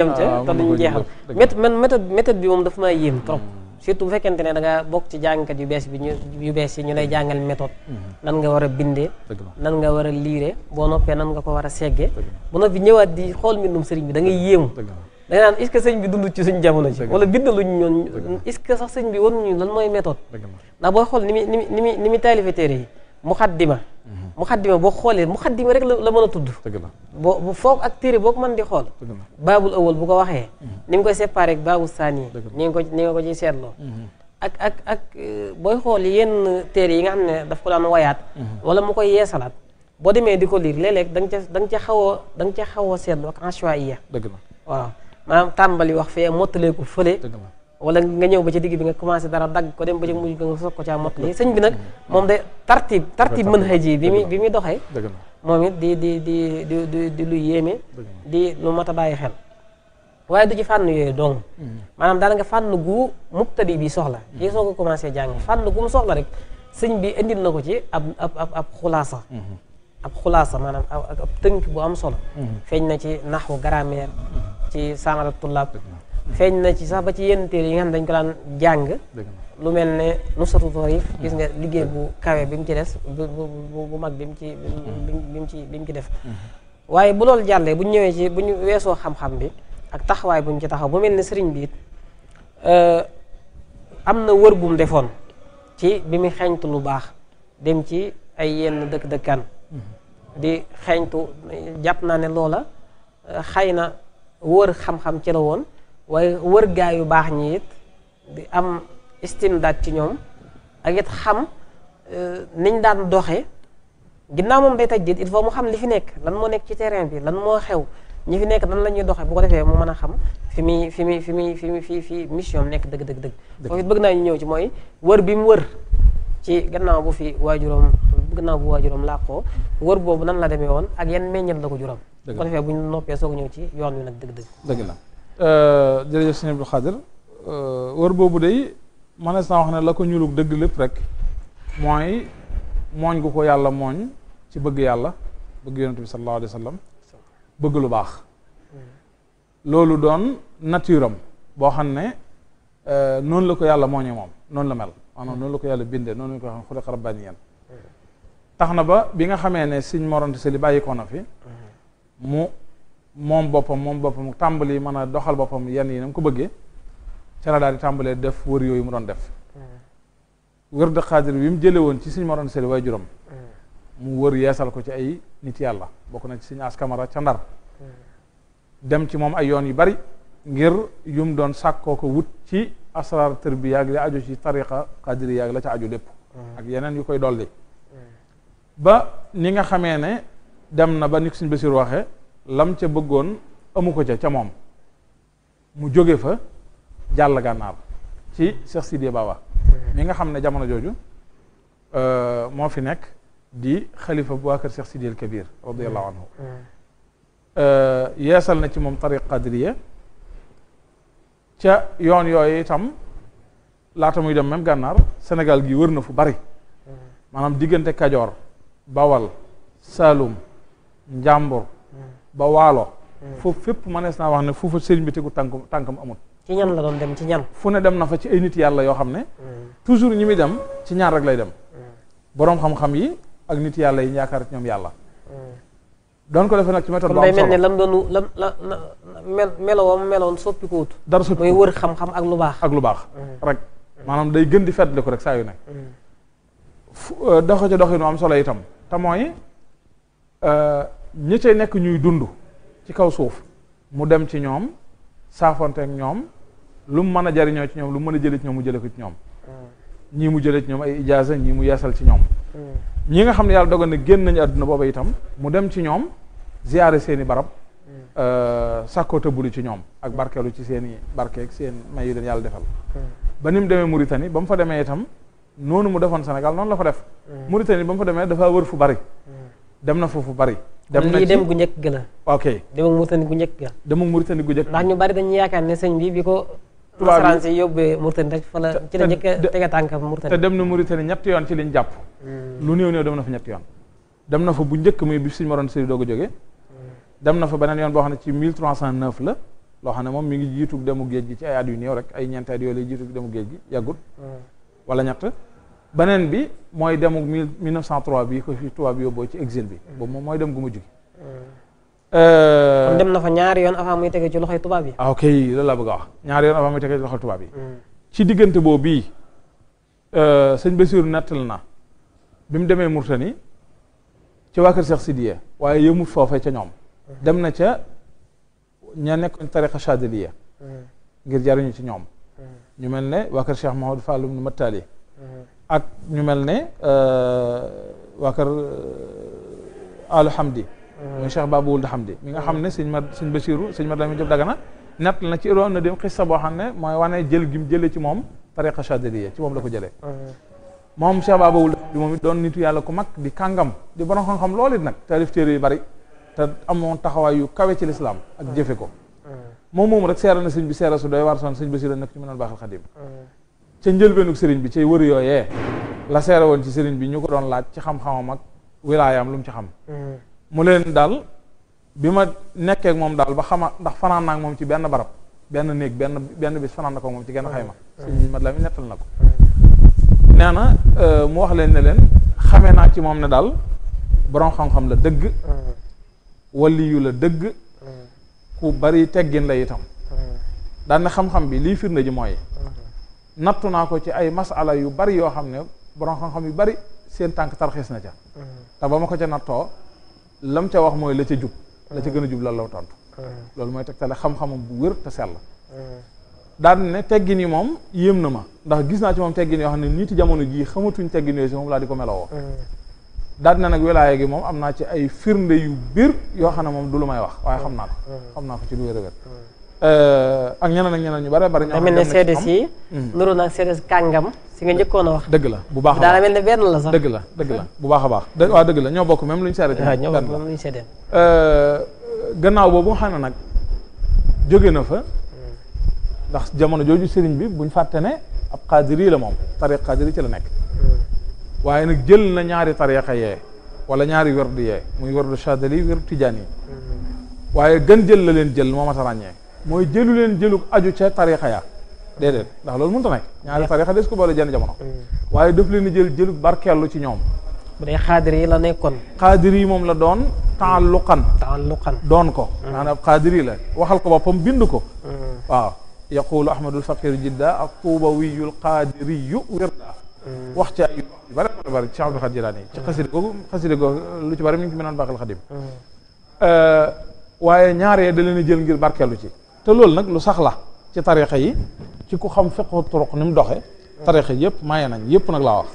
jëm ca ah, te duñ jeexal man méthode méthode bi moom dafa maa yéem trop mm-hmm. surtout bu fekkente ne da bokk ci jàngkat yu bees bi ñu yu bees yi ñu lay jàngal méthode mm-hmm. nan nga war a nan nga war a liire boo noppee nan nga ko war a seggee bu noppi ñëwaat di xool mbindum sëriñ bi da yéemu da nga naan est-ce que bi dund ci suñ jamono ci wala bindaluñ ñoon est-ce que sax sëñ bi waruñu lan mooy méthode ndax booy xool ni mu ni mu ni téere yi muxaddima mhm. muxaddima boo xoolee muxaddima rek la mën a tudd boo bu foog ak téere boo ko mën di xool baabul awal bu ko waxee mhm. ni nga koy séparé ak baabul saani ni nga ko ni nga ko ciy seetloo mhm. ak ak ak euh, booy xool yenn téere yi nga xam ne daf ko daan wayaat wala mu koy yeesalaat boo demee di ko liir léeg-léeg da nga ca da nga xaw a da nga ca xaw a seetlu ak anchois iya dëgg la waaw maanaam tàmbali wax fee mottaleeku fële wala nga ñëw ba ci digg bi nga commencé dara dagg ko dem ba ci mujj nga soog ko caa mot lii sëñ bi nag moom day tartib tartib mën xëy yi bi muy bi muy doxee moom it di di di di di lu yéeme di lu mat a bàyyi xel waaye du ci fànn yooyu dong mm-hmm. maanaam daal nga fànn gu mubtadi bi soxla mm-hmm. kii soo ko commencé jàng fànn gu soxla rek sëñ bi indil na ko ci ab ab ab ab xulaasa mm-hmm. ab xulaasa maanaam ab tënk bu am solo feeñ na ci naxu grammaire ci samaratullab feeñ na ci sax ba ci yenn téere yi nga xam dañ ko daan jàng lu mel ne nusratu yi gis nga liggéey bu kawe bi mu ci des bu bu mag bi mu ci bi mm-hmm. ci bi mu ci def mm-hmm. waaye bu loolu jàllee bu ñëwee ci bu ñu weesoo xam-xam bi ak taxawaay bu ñu ci taxaw bu mel ne sëriñ biit it euh, am na wër bu defoon ci bi mu xeeñtu lu baax dem ci ay yenn dëkk-dëkkaan mm-hmm. di xeeñtu jàpp naa ne loola xay na wër xam-xam ci la woon waaye wër gaa yu baax ñi it di am daat ci ñoom ak it xam euh, niñ daan doxe ginnaaw moom day tajjit il faut mu xam li fi nekk lan moo nekk ci terrain bi lan moo xew ñi fi nekk nan la ñuy doxee bu ko defee mu mën a xam fi muy fi muy fi muy fi muy fi fi mission nekk dëgg dëgg dëgg. foofu it bëgg naa ñu ñëw ci mooy wër bi mu wër ci gannaaw bu fi waajuram gannaaw bu waajuram làqoo wër boobu nan la demee woon ak yan meññal la ko juram. bu ko defee bu ñu noppee soog ñëw ci yoon wi nag dëgg dëgg. Euh, jërëjëf sëñ Abdou Khadir euh, wër boobu day mënees naa wax ne la ko ñuulug dëgg lépp rek mooy mooñ gu ko yàlla mooñ ci bëgg yàlla bëgg yonent bi sallallahu alayhi wa sallam bëgg lu baax loolu doon nature boo xam ne euh, noonu la ko yàlla mooñee moom noonu la mel maanaam noonu la ko yàlla bindee noonu la ko xam xuliqa rabbaniyan tax na ba bi nga xamee ne sëñ Mor Anta Sali bàyyi na fi mu moom boppam moom boppam tàmbali mën a doxal boppam yenn yi na mu ko bëggee ca la daal def wër yooyu mu doon def hmm. wër de xaadir bi mu jële woon ci suñu maroon seli waaye juróom hmm. mu wër yeesal ko ci ay nit yàlla bokk na ci suñu as camara ca ndar hmm. dem ci moom ay yoon yu bari ngir yum doon sàkkoo ko wut ci asrar tërbiya ak la aju ci tariqa xaadiriya ak la ca aju lépp ak yeneen yu koy dolli ba ni nga xamee ne dem na ba ni ko suñ Basiir waxee lam ca bëggoon amu ko ca ca moom mu jóge fa jàll gànnaar ci Cheikh Sidé Baba mi nga xam ne jamono jooju euh, moo fi nekk di xalifa bu waa kër Cheikh Sidé El Kabir radiallahu anhu mm. Mm. Euh, yeesal na ci moom tariq qadriya ca yoon yooyu itam laata muy dem même gànnaar senegal gi wër na fu bari mm. maanaam diggante Kajoor Bawal Saalum Njàmbur ba waalo hmm. foofu fépp mënees naa wax ne foofa sëriñ bi tegu tànkum tànkam amut ci ñan la doon dem ci ñan fu ne dem na fa ci ay nit yàlla yoo xam ne hmm. toujours ñi muy dem ci ñaar rek lay dem hmm. boroom xam-xam yi ak nit yàlla yi yaakaar ci ñoom yàlla doon ko defee nag ci méthode bu am solo kon day mel la mel meloom meloon soppikuwut dara soppi muy wër xam-xam ak lu baax ak lu baax rek di fàttali ko rek saa yu nekk euh, doxo ci doxinu am solo itam te euh, ñi ca nekk ñuy dund ci kaw suuf mu dem ci ñoom saafonteek ñoom lu mu mën a jariñoo ci ñoom lu mu mën a jëlee ci ñoom mu jëlee ci ñoom mm. ñii mu jëlee ci ñoom ay ijaaza ñii mu yeesal ci ñoom mm. ñi nga xam ne yàlla dogal na génn nañu àdduna booba itam mu dem ci ñoom ziyaare seeni barab mm. euh, sàkkoo tëbbulu ci ñoom ak barkeelu ci seeni barkeek seen may yu leen yàlla defal ba ni mu demee Mauritanie ba mu fa demee itam noonu mu defoon Sénégal noonu la fa def Mauritanie ba mu fa demee dafa wër fu bari dem na foofu bari. dem na ci dem gu njëkk gën a. ok dem ak Murtani gu njëkk ga. dem ak Murtani gu njëkk. ndax ñu bari dañuy yaakaar ne sëñ bi bi ko. tubaab yi nasaraan si yóbbee Murtani fa la ci la njëkk a teg a te dem na Murtani ñetti yoon ci liñ jàpp. Hmm. lu néew néew dem na fa ñetti yoon. dem na fa bu njëkk muy bi suñu moroon sëriñ doog ko jógee. Hmm. dem na fa beneen yoon boo xam ne ci 1309 la. loo xam ne moom mi ngi jiitu demu géej gi ci ay at yu néew rek ay ñeenti at yoo lay gi yàggut hmm. wala ñett beneen bi mooy demu mille neuf cent trois bi ko fi tubaab yóbboo ci exil bi mm. boobu moom mooy dem gu ma jugi mm. euh, dem na fa ñaari yoon avant muy tege ci loxoy tubaab yi ah a wax ñaari yoon avant muy tege ci loxoy tubaab yi mm. diggante boobu bii euh, sëñ Basiru nettal na bi mu demee ni ci waa kër Cheikh Sidiya waaye yëmut foofee ca ñoom dem na ca ña nekkoon tariqa Chadiliya ngir jariñu ci ñoom ñu mel ne waa kër Cheikh Mahamadou Fallum nu Mattali ak ñu mel ne waa kër Alu Hamdi. muy Cheikh Babou Wuld Hamdi. mi nga xam ne sëñ ma sëñ Basiru sëñ Madame Diop Dagana nat na ci Iroon na dem xissa boo xam ne mooy wane jël gim mu jëlee ci moom tariqa Chadiliya ci moom la ko jëlee. moom Cheikh Babou Wuld Hamdi moom doon nitu yàlla ku mag di kàngam di borom xam-xam loolu it nag taalif téere yu bari te amoon taxawaay yu kawe ci lislaam ak jëfe ko. moom moom rek seera na sëñ bi seera su doy war son sëñ Basiru nag ci mënoon baaxal xadim ca njëlbeenu sëriñ bi cay wër yooye la seere woon ci sëriñ bi ñu ko doon laaj ci xam-xamam ak wilaayaam lu mu ci xam mm. mu leen daal bi ma nekkee moom daal ba xama ndax fanaan naa ak moom ci benn barab benn néeg benn benn bis fanaan na ko moom ci genn xayma mm. sëriñ mat mi nettal na ko mm. nee na euh, mu wax leen ne leen xamee naa ci moom ne daal boroom xam-xam la dëgg waliyu la dëgg ku bari teggin la itam daan na xam-xam bi lii firnde ji mooy nattu naa ko ci ay masala yu bari yoo xam ne borom xam-xam yu bari seen tànk tarxiis na ca mm-hmm. te ba ma ko ca nattoo lam ca wax mooy la ca jub la ca gën a jub lan law tontu mm-hmm. loolu mooy tegtale xam-xamam bu wér te sell mm-hmm. daan ne teggin yi moom yéem na ma ndax gis naa ci moom teggin yoo xam ne nit ci jamono jii xamatuñ teggin yooyu si moom laa di ko melowoo daan na nag wilaaya gi moom am naa ci ay firnde yu biir yoo xam ne moom du lu may wax waaye xam naa xam naa ko ci Euh, ak ñeneen ak ñeneen ñu bare bari. ñoo mel ne CDC yi. niróo na ak kàngam si nga njëkkoon a wax. dëgg la bu baax a baax daanaka mel ne dëgg la dëgg la bu baax a baax. dë waaw dëgg la ñoo bokk même lu ñu seetee. waaw ñoo bokk même euh, gannaaw boobu xam nag jóge na fa. ndax jamono jooju sëriñ bi buñ fàtte ne ab xaadiri la moom tariq xaadiri ci la nekk. waaye nag jël na ñaari tariqa yee wala ñaari werdu yee muy werdu chadali werdu tijaan yi. Mm-hmm. waaye gën jël la leen jël moo mat a ràññee mooy jëlu leen jëlu aju ca tarixa ya déedéet ndax loolu mënta nekk ñaari tarixa des ko boole jenn jamono mm. waaye daf leen jël jëlu barkeellu ci ñoom bu dee xaadir yi la nekkoon xaadir yi moom la doon taalluqan taalluqan doon ko mm. maanaam xaadir yi la waxal ko boppam bind ko mm. waaw yaqulu ahmadul faqir jidda ak tuubawiyul qaadiriyu wirda wax ci ay bare bare bare ci Abdul Xaadir Jilaani ci xaside googu xaside googu lu ci bari mi ngi ci mënoon baaxal xadim euh, waaye ñaaree da leen jël ngir barkeelu ci te loolu nag lu sax la ci tarixa yi ci ku xam fiqhu turuq ni mu doxe tarixa yëpp maye nañ yëpp nag laa wax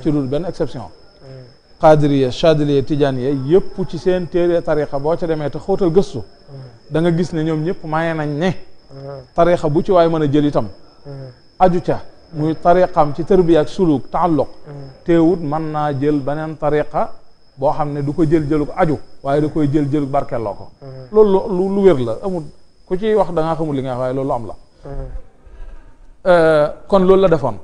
ci dul benn exception qadiriya chadiliya tijaaniya yëpp ci seen téere tarixa boo ca demee te xóotal gëstu da nga gis ne ñoom ñëpp maye nañ ne tarixa bu ci waay mën a jël itam aju ca muy tariqam ci tërbiya ak suluk taalluq teewut mën naa jël beneen tariqa boo xam ne du ko jël jëlug aju waaye da koy jël jëlug barkelloo ko loolu lu wér la amul ku ciy wax da ngaa xamul li nga wax waaye loolu am la kon loolu la defoon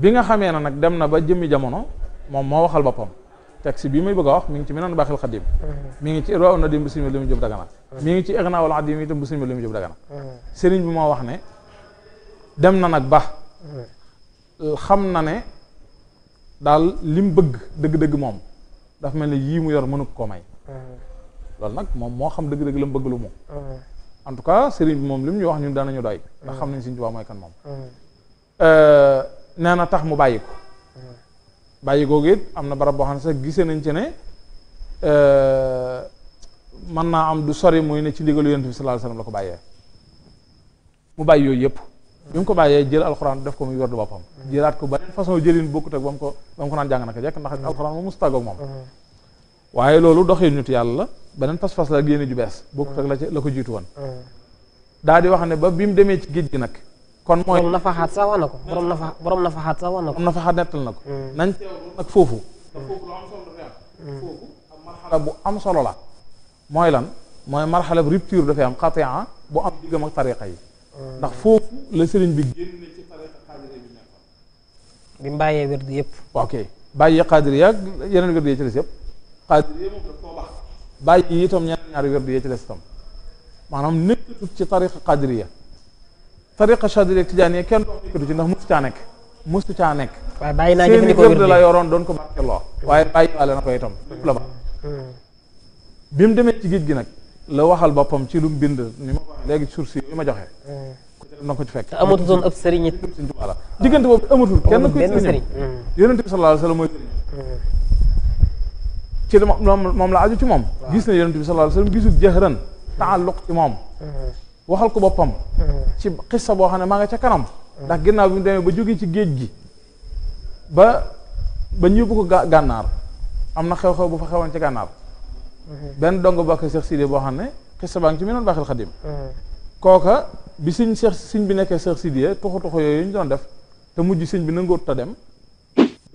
bi nga xamee ne nag dem na ba jëmmi jamono moom moo waxal boppam texte bii muy bëgg a wax mi ngi ci Minanul Baaxil Xadiim mi ngi ci Irwaa'u Nadiim bu Sëriñ Bi li mu jëm Dagana mi ngi ci Ignaa'ul Adiim itam bu Sëriñ Bi li mu jëm Dagana sëriñ bi moo wax ne dem na nag ba xam na ne daal li mu bëgg dëgg-dëgg moom dafa mel ne yii mu yor mënu koo may lool nak mom mo xam deug deug lam bëgg lu moom hmm. en tout cas sëriñ bi mom lim ñu wax ñun daanañu doy da hmm. xam nañ Sëriñ Tuubaa moy kan mom hmm. euh neena tax mu bayiko ko bàyyi amna am barab bo xam sax gisee nañ ci ne euh, man na am du sori moy ne ci ndigalu Yonent sallallahu alayhi wasallam lako ko mu bàyyi yoy yëpp bi mu ko bàyyee jël alxuraan def ko muy werdu bopam jëlaat ko beneen façon jëlin bokkut ak bam ko bam ko nan jang nak jekk ndax alxuraan mu mustago mom waye lolou doxé ñut yalla beneen pas-pas la génne ju bees bokkut ak la ca la ko jiitu woon daal di wax ne ba bi mu demee ci géej gi nag kon mooy borom nafaxaat sax wax na ko borom nafa borom nafaxaat sax wax na ko borom nafaxaat nettal na ko nañ ak foofu foofu lu am solo dafay am foofu ak marxala bu am solo la mooy lan mooy marxala rupture dafay am xatia bu am diggam ak tariqa yi ndax foofu la sëriñ bi génn ci tariqa xaadira bi nekk bi mu bàyyee wér di yëpp ok bàyyi xaadira yaag yeneen wér di ci des yëpp xaadira yëpp daf koo baax bàyyi itam ñaari ñaari wird yee ci des itam maanaam nekkatut ci tariqa qadiriya tariqa chadiriya tijaaniya kenn doon nekkatu ci ndax musu caa nekk musu caa nekk. waaye bàyyi naa jëfandikoo la yoroon doon ko barkeloo waaye bàyyi waale na ko itam la ba bi mu demee ci géej gi nag la waxal boppam ci lu mu bind ni ma ko léegi sursi yi ma joxe. na ko ci fekk te amatutoon ab sëriñ it. diggante boobu amatul kenn kuy sëriñ yonente bi sallallahu alayhi ci li moom la aju ci moom gis na yonent bi sallallahu alayhi wasallam gisul jëxëran taalluq ci moom mm-hmm. waxal ko boppam mm-hmm. ci xissa boo xam ne maa nga ca kanam mm-hmm. ndax ginnaaw bi mu demee ba jógee ci géej gi ba ba ñëbbu ko gànnaar am na xew-xew bu fa xewoon ci gànnaar benn dong bàkk Seex Sidi boo xam ne xissa baa ngi ci Minanul Baaxil Xadim kooka bi sëñ Seex sëñ bi nekkee Seex Sidi tuxu tuxu yooyu ñu doon def te mujj sëñ bi nangoot ta dem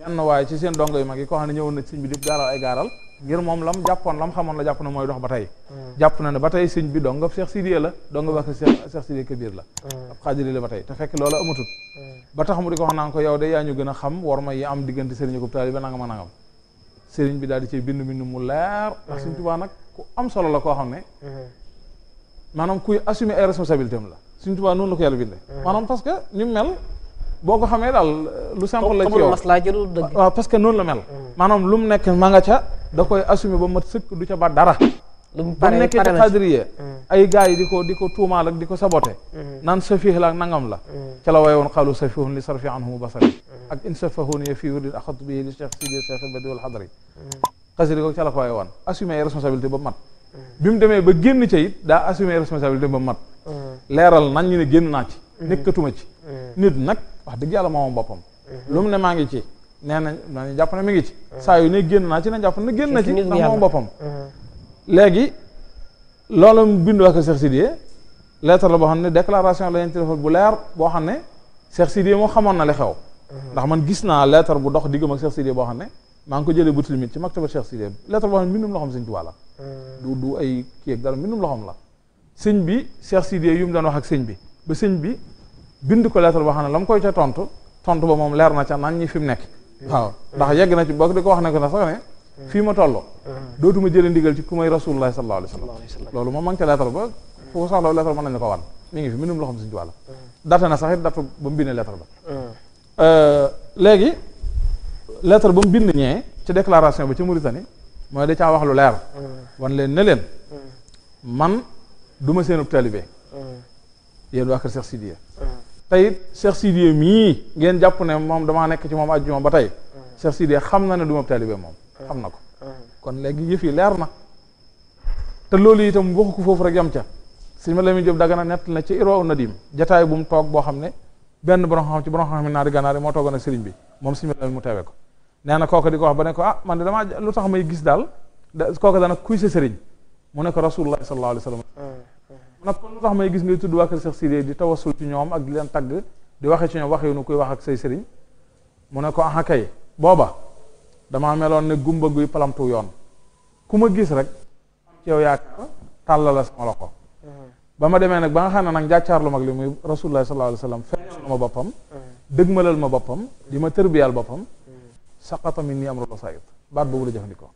benn waaye ci seen dongo yu mag yi koo xam ne ñëwoon na sëñ bi di gaaral ay gaaral ngir moom lam jàppoon lam xamoon la jàpp na mooy dox ba tey hmm. jàpp na ne ba tey sëñ bi donga Cheikh Sidiya la donga bak Cheikh hmm. Sidiya Kabir la hmm. ab xaajali ba tey te fekk loola amatut ba tax mu di ko wax naan ko yow de yaa ñu gën a xam war ma yi am diggante sëriñ ko taalibe nangam a nangam sëriñ bi daal di cee bind bindu mu leer ndax sëñ Tuubaa nag ku am solo la koo xam ne maanaam kuy assumer ay responsabilité am la sëñ Tuubaa noonu la ko yàlla bindee parce que ni mu mel ko xamee daal lu simple la ci yow ah, parce que noonu la mel maanaam lu mu nekk da koy assumer ba mat sëkk du ca ba dara. ba mu nekkee xadriye mm. ay gars yi di ko di ko tuumaal ak di ko sabote mm. naan safiix la ak nangam la mm. ca la wayoon xaalu safiihun li sarfi anhumu basari ak in safahun ya fii wurid axatu bii li cheikh sidi cheikh badi wal xadri xasidi ko ca la ko wayoon assumer ay responsabilité ba mat bi mu demee ba génn ca it daa assumer ay responsabilité ba mat leeral nan ñi ne génn naa ci nekkatuma ci nit nag wax dëgg yàlla moomoom boppam nee nañ nañu jàpp na mi ngi ci saa yu ne génn naa ci na jàpp ne génn na ci ndax moom boppam mm-hmm. léegi loolu mu bindu ak Cheikh Sidiye lettre la boo xam ne déclaration la ñu bu leer boo xam ne Cheikh Sidiye moo xamoon na li xew mm-hmm. ndax man gis naa lettre bu dox diggam ak Cheikh Sidiye boo xam ne maa ngi ko jëlee bu tilmit ci maktaba Cheikh Sidiye lettre boo xam ne mbindum loxoom sëñ Tuubaa mm-hmm. ay kii ak dara loxoom la sëñ bi Cheikh Sidiye yu mu doon wax ak sëñ bi ba sëñ bi bind ko lettre boo xam ne la mu koy tontu tontu ba moom leer na ca ñi fi mu nekk waaw ndax yegg na ci bokk di ko wax ne ko sax ne fii ma toll dootuma jëlee ndigal ci ku may rasulullah sallallahu alayhi wa sallam loolu moom ma ngi ca lettre ba fu ko soxla lettre mën nañu ko wan mi ngi fi minum loxoom suñu wàll data na sax it data ba mu bindee euh, lettre ba mu bind ñee ci déclaration ba ci Mauritanie mooy da caa wax lu leer wan leen ne leen man du ma seenub taalibe yéen waa kër Cheikh Sidiya tey it Cheikh Sidiye mii ngeen jàpp ne moom damaa nekk ci moom ajjuma ba tey mm. Cheikh Sidiye xam na ne du ma taalibe moom mm. xam na ko mm. kon léegi yëf leer na te loolu itam waxu ko foofu rek yam ca sëñ ma Lamin Jóob Dagana nett na ci na Nadim jataay bu mu toog boo xam ne benn borom xam ci borom xam naari gànnaar moo toogoon na sëriñ bi moom sëñ mu teewee ko nee na kooku di ko wax ba ne ko ah man de damaa lu tax may gis daal kooku dana kuy sa mu ne ko Rasulullah nag kon lu tax may gis ngay tudd waa kër Cheikh Sidiye di tawasul ci ñoom ak di leen tagg di waxe ci ñoom waxe nu koy wax ak say sëriñ mu ne ko ak kay booba damaa meloon ne gumba guy palamtu yoon ku ma gis rek am ci yow yaakaar tàlla la sama loxo uh-huh. ba ma demee nag ba nga xam ne nag lu mag li muy rasulullah sallallahu alayhi wa sallam feeñal na ma boppam uh-huh. dëgmalal ma boppam uh-huh. di ma tërbiyal boppam saqata min ni amru basaayit baat boobu la jëfandikoo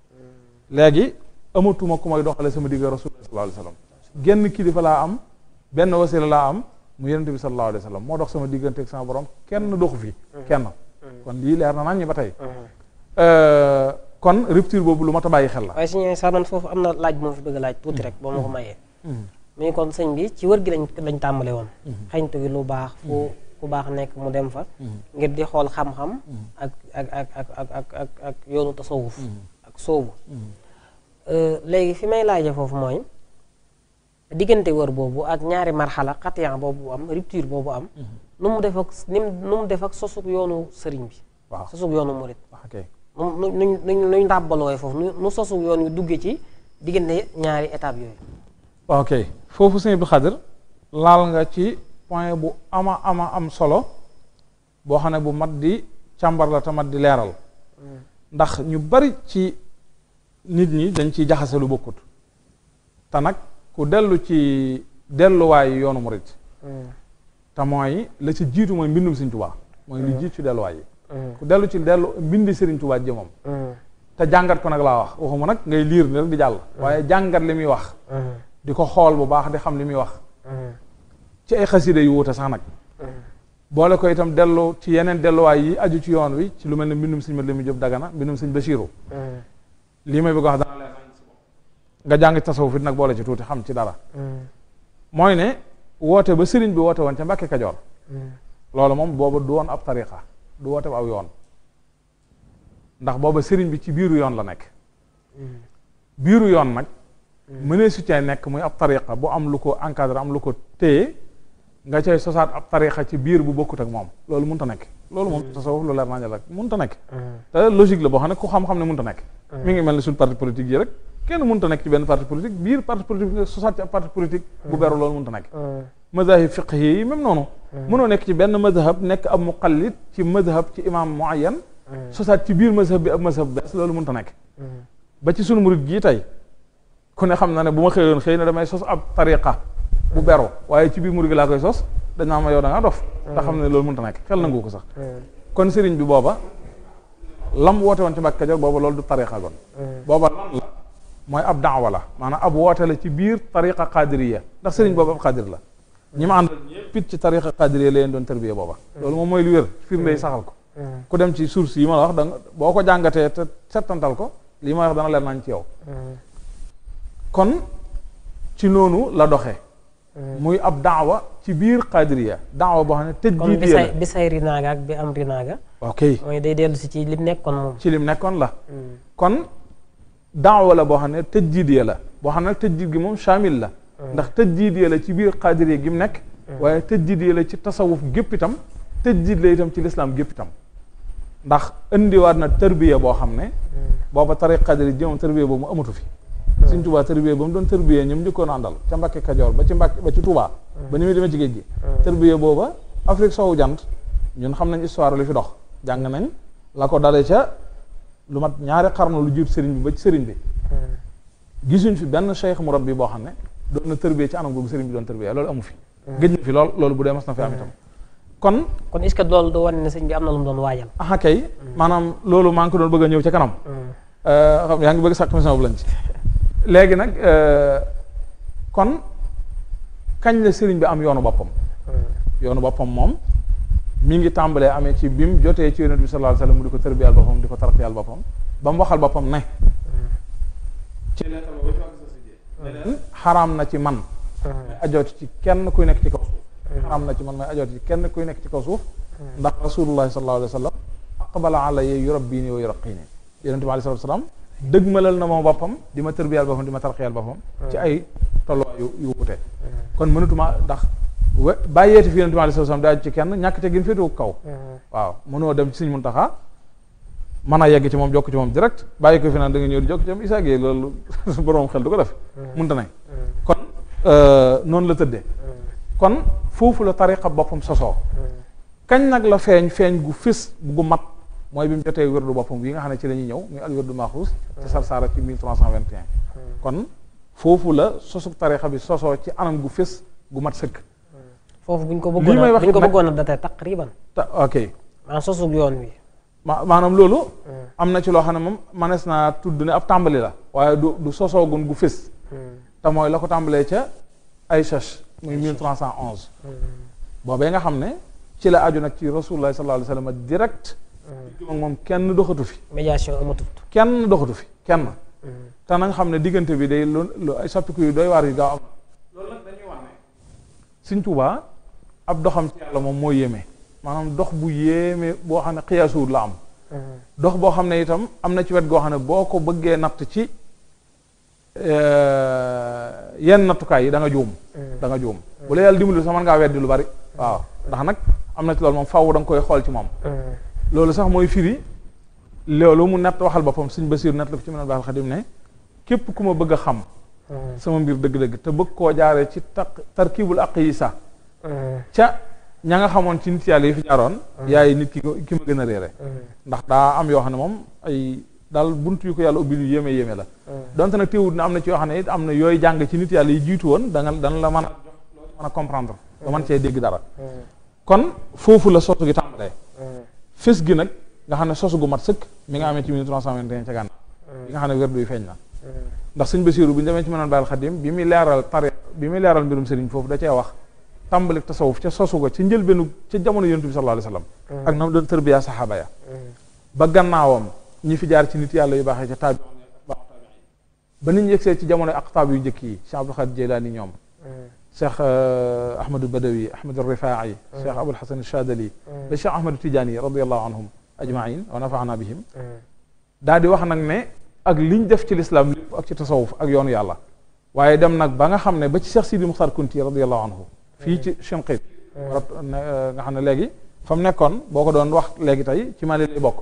léegi amatuma ku may doxale sama digg rasulullah sallallahu alayhi wa genn kilifa laa am benn wasila laa am mu yonent bi sallallahu alayhi wa sallam moo dox sama diggante ak sama borom kenn doxu fi kenn kon lii leer na nañu ba tey kon rupture boobu lu mat a bàyyi xel la waaye suñu sax man foofu am na laaj bu ma fi bëgg a laaj tuuti rek boo ma ko mayee muy kon sëñ bi ci wër gi lañ lañ tàmbale woon xañtu gi lu baax fu ku baax nekk mu dem fa ngir di xool xam-xam ak ak ak ak ak ak ak yoonu tasawuf ak soobu léegi fi may laaje foofu mooy diggante wër boobu ak ñaari marxala xatiyan boobu am rupture boobu am mhm. nu mu def ak ni nu mu def ak sosug yoonu sëriñ bi waaw sosug yoonu murit nu nuñ nuñ nuñ ndàbbalooy foofu nu sosug yoon wi duggee ci diggante ñaari étape ok foofu sëñ Abdou Khadr laal nga ci point bu ama ama am solo boo xam ne bu mat di càmbar la te mat di leeral mm. ndax ñu bari ci nit ñi dañ ciy jaxase lu bokkut te nag ku dellu ci delluwaay yoonu murit mm. te mooy la ci jiitu mooy mbindum Sëriñ Tuubaa mooy lu mm. jiitu ci delluwaay yi mm. ku dellu ci dellu mbindi Sëriñ Tuubaa jëmam te jàngat ko nag laa wax waxuma nag ngay liir ni rek di jàll waaye jàngat li muy wax di ko xool bu baax di xam li muy wax ci ay xasida yu wuute sax nag boole ko itam dellu ci yeneen delluwaay yi aju ci yoon wi ci lu mel ne mbindum Sëriñ Mat Lamin Jóob Dagana mbindum Sëriñ Basiiru lii may bëgg wax nga jàng tasawuf it nag boole ci tuuti xam ci dara. mooy ne woote ba sëriñ bi woote woon ca Mbàkke Kajoor. loolu moom booba du woon ab tariqa du woote ba aw yoon. ndax booba sëriñ bi ci biiru yoon la nekk. biiru yoon nag. mënee su cay nekk muy ab tariqa bu am lu ko encadré am lu ko téye nga cay sosaat ab tariqa ci biir bu bokkut ak moom loolu mënut a nekk. loolu moom tasawuf lu leer naa la mënut nekk. Mm. te logique la boo xam ne ku xam ne mënut a nekk. Mm. mi ngi mel ni kenn mënut a nekk ci benn parti politique biir parti politique nga sosaat ci ab a nekk yi même noonu mënoo nekk ci benn mazhab nekk ab muqallid ci mazhab ci imam muayyan sosaat ci biir mazhab bi ab mazhab bees loolu mënut a nekk ba ci sunu murid gii tey ku ne xam na ne bu ma xëyoon xëy na damay sos ab tariqa bu beru waaye ci biir murid gi laa koy sos dañ naa ma yow da xam ne loolu mënut a nekk xel nangu ko sax kon sëriñ bi booba lam woote woon ci Mbàkke Kajoor booba loolu du tariqa gon booba lan moy ab da'wa la manam ab woote la ci bir tariqa qadiriya ndax serigne bobu ab qadir la ñi ma àndal ñëpp ci tariqa qadiriya leen doon tarbiya booba loolu moom moy lu wér firnde saxal ko ku dem ci source yi ma wax da boko jangate te setantal ko li ma wax da na leer nañ ci yow kon ci nonu la doxé muy ab da'wa ci bir qadiriya da'wa bo xam ne tëj jiidiya bi say rinaga ak bi am rinaga ok moy day delu ci ci lim nekkon mom ci lim nekkon la kon دعوة لبوهانة تجديد يلا بوهانة تجديد جموم شامل لا أه. نخ تجديد يلا تبير قادر يجيب نك أه. ويا تجديد يلا تتصوف جبتهم تجديد ليهم في الإسلام جبتهم نخ عندي وارنا تربية بوهامنة أه. بابا طريق قادر يجيهم تربية بوم أمر في سنجوا تربية بوم دون تربية نمجي كون عندل تمبك كجور بتمبك بتشتوبا بنيمي دمجي جيجي تربية بوبا أفريقيا وجانت ñun xam nañ histoire li fi dox jàng nañ lu mat ñaari xarnu lu jiib sëriñ bi ba ci sëriñ bi hmm. gisuñ fi benn cheikh bi boo xam ne doon na tërbee ci anam googu sëriñ bi doon tërbee loolu amu fi hmm. gëj na fi lool loolu bu dee mas na fi am hmm. itam kon kon est-ce que loolu du wane ne sëñ bi am na lu mu doon waajal aha kay maa ngi ko doon bëgg a ñëw kanam euh, xam yaa ngi bëgg sàkk mission bu léegi nag euh, kon kañ la sëriñ bi am yoonu boppam yoonu boppam moom mingi tambale amé ci bim joté ci yunus sallallahu alayhi wasallam diko mu di ko tërbiyal bopam bam ko tarxiyal boppam ba mu waxal boppam ne ci xaraam na ci man may ci kenn kuy nekk ci kaw suuf na ci man may ajoot ci kenn kuy nekk ci kaw suuf ndax rasulullahi sallallahu alayhi wa aqbala alaya yurabbini wa yuraqini yonent bi alayhi salatu wasalaam na moom boppam di tërbiyal boppam di ma tarxiyal ci ay tolluwaay yu wute kon mënatuma ndax we bàyyeeti fi yonent bi alayhi salaam daal ci kenn ñàkk te gën féetu kaw uh-huh. waaw mënoo dem siñ mun Muntaxa mën a yegg ci moom jokk ci moom direct bàyyi ko fi naan da nga ñëw di jokk ci moom Issa Gueye loolu borom xel du ko def uh-huh. mënta ne uh-huh. kon euh, noonu la tëddee kon foofu la tariqa boppam sosoo kañ nag la feeñ feeñ gu fis gu mat mooy bi mu jotee wérdu boppam yi nga xam ne ci la ñuy ñëw muy al wérdu maxuus ci sarsaara ci 1321 kon foofu la sosu tariqa bi sosoo ci anam gu fis gu mat sëkk foofu bu ñu ko bëggoon a bu ñu ok maanaam yoon wi. ma maanaam loolu. Hmm. am na ci loo xam ne moom manees naa tudd ne ab tàmbali la. waaye du du sosoogun gu fés. Hmm. te mooy la ko tàmbalee ca ay chach muy 1311. Hmm. boobee nga xam ne ci la aju nag ci rasulullah sallallahu alayhi wa sallam direct. moom kenn doxatu fi. médiation amatut. kenn doxatu fi kenn. te na nga xam ne diggante bi day lu lu ay soppiku yu doy waar yu gaaw am. loolu nag dañuy wax ne. Sëñ ab doxam ci yàlla moom moo yéeme maanaam dox bu yéeme boo xam ne xiyaasuur la am dox boo xam ne itam am na ci wet goo xam ne boo ko bëggee natt ci yenn nattukaay yi da nga juum da nga juum bu la yàlla dimbali sax mën ngaa weddi lu bari waaw ndax nag am na ci loolu moom faaw da nga koy xool ci moom loolu sax mooy firi loolu mu nett waxal boppam sëñ basir nett la ko ci mën baal baaxal Xadim ne képp ku ma bëgg a xam sama mbir dëgg-dëgg te bëgg koo jaaree ci tarkibul aqisa Eh. ca ña nga xamoon ci nit yàlla yi fi jaaroon eh. yaay nit ki ki ma gën a réere eh. ndax daa am yoo xam ne moom ay daal bunt yu ko yàlla ubbil yu yéeme yéeme la donte nag téewut na am na ci yoo xam ne it na yooyu jàng ci nit yàlla yi jiitu woon danga dana la mën a mën a comprendre nga mën cee dégg dara kon foofu la sosu gi tàmbalee fis gi nag nga xam ne sosu gu mat sëkk mi nga amee ci 1321 ca gànna bi nga xam ne werdu yu feeñ na ndax sëñ Basiiru bu ñu demee ci mënoon Baal bi muy leeral tari bi muy leeral mbirum sëriñ foofu da cee wax tàmbalik tasawuf ci sosu ga ndjel benu ci jamono yonent bi sallallahu alayhi wasallam ak nam mu doon tërbiya sahaba ya ba gannaawam ñi fi jaar ci nit yàlla yu baxé ci tabi ba nit ñi yexé ci jamono aqtaab yu njëkk yi Cheikh abdou Xaadir jilani ñom Cheikh Ahmadou Badawi Ahmadou rifai Cheikh abou Hasan Chadali ba Cheikh Ahmadou Tidiane radiallahu anhum ajmain wa nafa'na bihim daa di wax nak ne ak liñ def ci l'islam lépp ak ci tasawuf ak yoonu yàlla waye dem nak ba nga xamne ba ci Cheikh Sidi mukhtar Kunti radiallahu anhu fii ci Shinqit rab nga xam ne léegi fa mu nekkoon boo ko doon wax léegi tey ci Mali lay bokk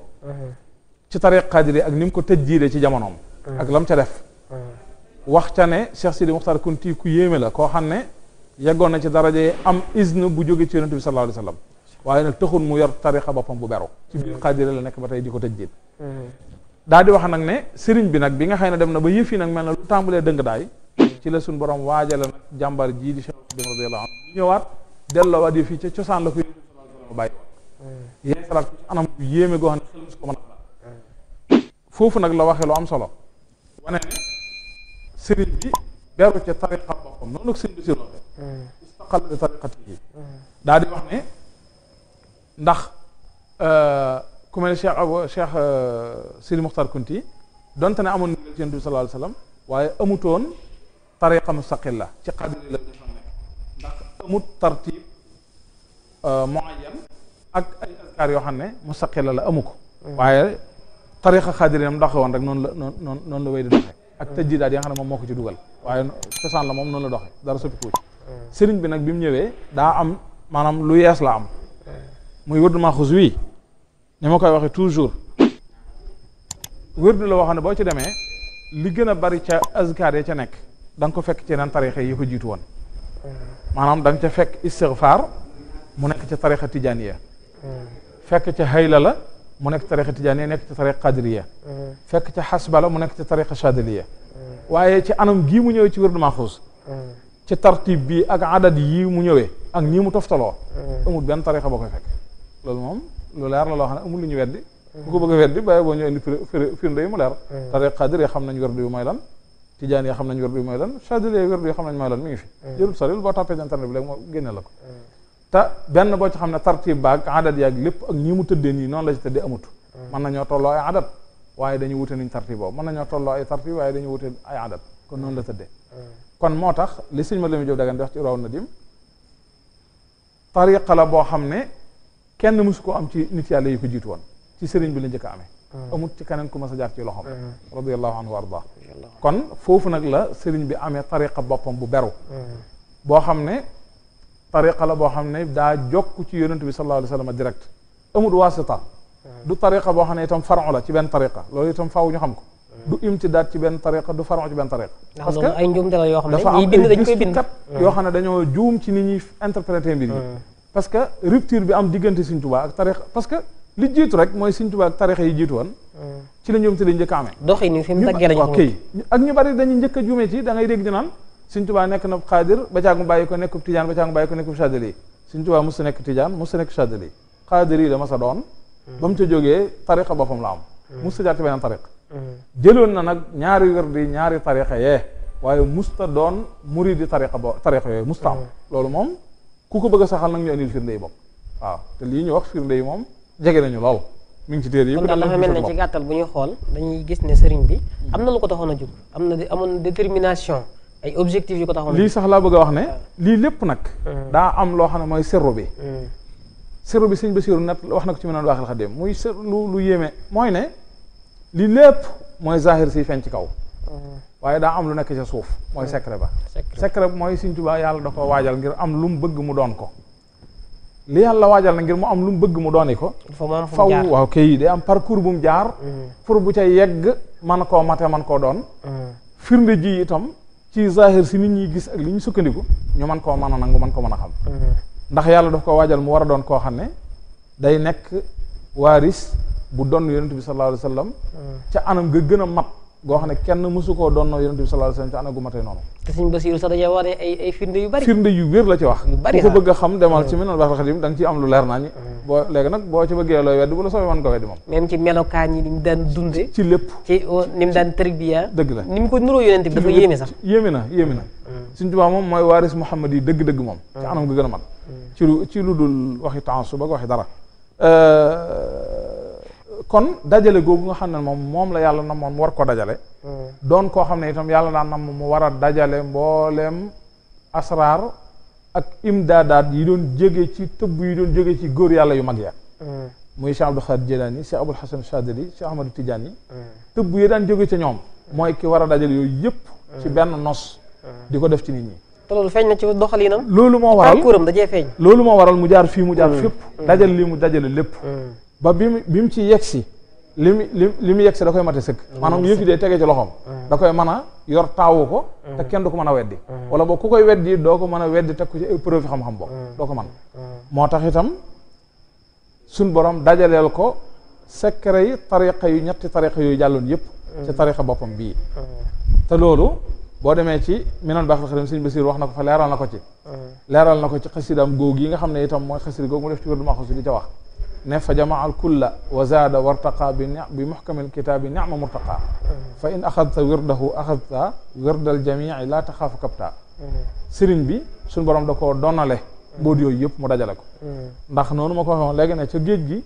ci tariq xaadiri ak ni mu ko tëj jiide ci jamonoom ak lam ca def wax ca ne Cheikh Sidi Muxtar Kunti ku yéeme la koo xam ne yeggoon na ci daraje am izn bu jóge ci yonent bi sallallahu alayhi wa waaye nag taxul mu yor tariqa boppam bu beru ci biir xaadiri la nekk ba tey di ko tëj jiit hmm. daa di wax nag ne sëriñ bi nag bi nga xëy na dem na ba yëf yi nag mel na lu tàmbalee dëng daay ci la suñ borom waajal nag jàmbar jii di Cheikh Xaadim radiyallahu anhu ñëwaat delloowaat yi fii ca cosaan la ko bàyyi yéen salaat ko ci anam ko mën a foofu nag la waxee lu am solo wane ne sëriñ bi beru ca tariqa boppam noonu ak bi si daal di wax ne ndax ku mel ne Cheikh Abu Cheikh Kunti donte ne amoon na ci Yonent bi sallallahu alayhi wa waaye amutoon طريقه مستقله تي قابل لا ترتيب آه، معين اك اي اذكار يو خاني مستقله لا اموكو واي طريقه خادر يم دخو رك نون نون لا وي دي دخي اك تجيدات يغه مام موكو تي دوغال واي تسان لا مام نون لا دخي دار سوبي كو سيرين بي نك بيم نيوي دا ام مانام لو ياس لا ام موي ورد ما خوز وي نيما كاي واخي توجور ورد لا واخاني بو تي ديمي لي گنا بري تي اذكار يا تي نك da nga ko fekk ci yeneen tarixa yi ko jiitu woon maanaam da nga ca fekk istigfaar mu nekk ci tarixa tijaaniya fekk ca hayla la mu nekk tarixa tijaaniya nekk ci tarixa qadiriya fekk ca xasba la mu nekk ci tarixa chadiliya waaye ci anam gii mu ñëwee ci wirdu maxuus ci tartib bi ak adad yi mu ñëwee ak nii mu toftaloo amul benn tarixa boo koy fekk loolu moom lu leer la loo xam ne amul lu ñu weddi ku ko bëgg a weddi bàyyi boo ñëw indi firnde yi mu leer tarixa qadiriya xam nañ wirdu yu mooy lan tijaan yi xam nañ wér bi mooy lan chadili wér bi xam nañ mooy lan mi ngi fi jërul soril boo toppee internet bi léegi moo génne la ko te benn boo ci xam ne tartib baag adat yaag lépp ak ñi mu tëddee nii noonu la ci tëddee amut mën nañoo tolloo ay adat waaye dañu wute niñ tartib boobu mën nañoo tolloo ay tartib waaye dañu wute ay adat kon non la tëddee kon moo tax li sëñ ma la mu job dagan di wax ci raw na dim tariqa la boo xam ne kenn mësu ko am ci nit yàlla yi ko jiitu woon ci sëriñ bi la njëkk a amut ci keneen ku mas a jaar ci loxoom radiallahu anhu wa kon foofu nag la sëriñ bi amee tariqa boppam bu beru boo xam ne tariqa la boo xam ne daa jokk ci yonent bi sallallahu sa wa sallam direct amul wasita du tariqa boo xam ne itam faron la ci benn tariqa loolu itam faaw ñu xam ko du imtidaat ci benn tariqa du faron ci benn tariqa parce que ay njuumte la yoo xam ne dafa am yoo xam ne dañoo juum ci ni ñuy interpréter bi yi parce que rupture bi am diggante Sëriñ Tuubaa ak tariqa parce que li jiitu rek mooy Sëriñ Tuubaa ak tariqa yi jiitu woon ci la njuumte lañ njëkk a amee. doxin fi mu daggee lañ ko ak ñu bari dañuy njëkk a juumee ci da ngay dégg ñu naan Sëñ Tuubaa nekk na xaadir ba caagu bàyyi ko nekkub tijaan ba caagu bàyyi ko nekkub chadali Sëñ Tuubaa mos a nekk tijaan mos a nekk chadali xaadir yi la mas a doon ba mu ca jógee tariqa boppam la am musta hmm. jaar ci beneen tariq hmm. jëloon na nag ñaari wér di ñaari tariqa yee waaye musta doon muridi tariqa bo tariqa yooyu musta am hmm. loolu moom ku ko bëgg a saxal nag ñu andil firnde yi waaw lii ñu wax firnde yi moom jege nañu lool mi ngi ci téere yëpp daal dafa mel ne ci gàttal bu ñuy xool dañuy gis ne sëriñ bi hmm. am na lu ko taxoon a jóg am na amoon détermination ay objectif yu ko taxoon lii sax laa bëgg a wax ne hmm. lii lépp nag hmm. daa am loo xam ne mooy serro bi serro bi sëñ Basiiru nat wax na ko ci mën a waaxil xadim muy lu lu yéeme mooy ne lii lépp mooy zahir si feeñ ci kaw waaye daa am lu nekk ca suuf mooy secret ba secret mooy sëñ Tuubaa yàlla da ko waajal ngir am lu mu bëgg mu doon ko li yàlla waajal na ngir mu am lu mu bëgg mu dooni ko faw waaw kay day am parcours bu mu jaar mm-hmm. pour bu ca yegg man koo mate man koo doon mm-hmm. firnde ji itam ci zahir si nit ñi gis ak li ñu sukkandiku ñu man koo mën a nangu man ko mën a xam mm-hmm. ndax yàlla daf ko waajal mu war a doon koo xam ne day nekk waaris bu doon yonent bi sallallahu alayhi wa sallam ca anam ga gën a mat goo xam ne kenn mësu doon na yonent bi sallallahu alayhi wasallam te ana ay firnde yu bari firnde yu wér la ci wax bu ko bëgg a xam demal ci hmm. Minanul Baaqil Qadiim da nga ci am lu leer naa ñi hmm. boo léegi nag boo ci bëggee looy weddi bu la soobee mën ko weddi moom même ci melokaan yi ni mu daan dunde ci lépp oh, ni mu daan tarbiya dëgg la ni mu ko nuroo yonent bi dafa yéeme sax yéeme na yéeme na hmm. moom mooy waaris Muhammad yi dëgg-dëgg moom ci anam ga gën a mat ci lu dul waxi taasub kon dajale googu nga xam ne moom moom la yàlla namoon mu war ko dajale mm. doon koo xam ne itam yàlla daan nam mu war a dajale mbooleem asraar ak imdaadaat yi doon jóge ci tëbb yi doon jóge ci góor yàlla yu mag ya mm. muy Cheikh Abdou Khadir Jilani Cheikh Abul Hasan Chadili Cheikh Ahmadou Tidiane mm. tëbb yi daan jóge ci ñoom mooy kii war a dajale yooyu yëpp ci benn nos di ko def ci nit ñi te loolu feeñ na ci doxalinam loolu moo waral parcours am dajee feeñ loolu moo waral mu jaar fii mu jaar fépp dajale li mu dajale lépp ba bi mu bi mu ci yegg si li mu li mu yegg si da koy mate sëkk maanaam yëf yi dee tegee ci loxoom hmm. da koy mën a yor taawu ko hmm. te kenn du ko mën a weddi hmm. wala boo ku koy weddi doo ko mën a weddi teg ko ci ay preuve xam-xam boo doo ko man moo tax itam suñ borom dajaleel ko secret yi tariqa yu ñetti tariqa yooyu jàlloon yëpp ci tariqa boppam bii te loolu boo demee ci minan baaxil xadim wax na ko fa leeral na ko ci leeral na ko ci xasidaam góog yi nga xam ne itam mooy xasida googu mu def ci wér du ma xasu di ca wax فجمع الكل وزاد وارتقى بمحكم الكتاب نعم مرتقى فإن أخذت ورده أخذت ورد الجميع لا تخاف كبتا sëriñ bi suñ borom da koo donale boot yooyu yëpp mu dajale ko ndax noonu ma ko waxoon léegi ne ca géej gi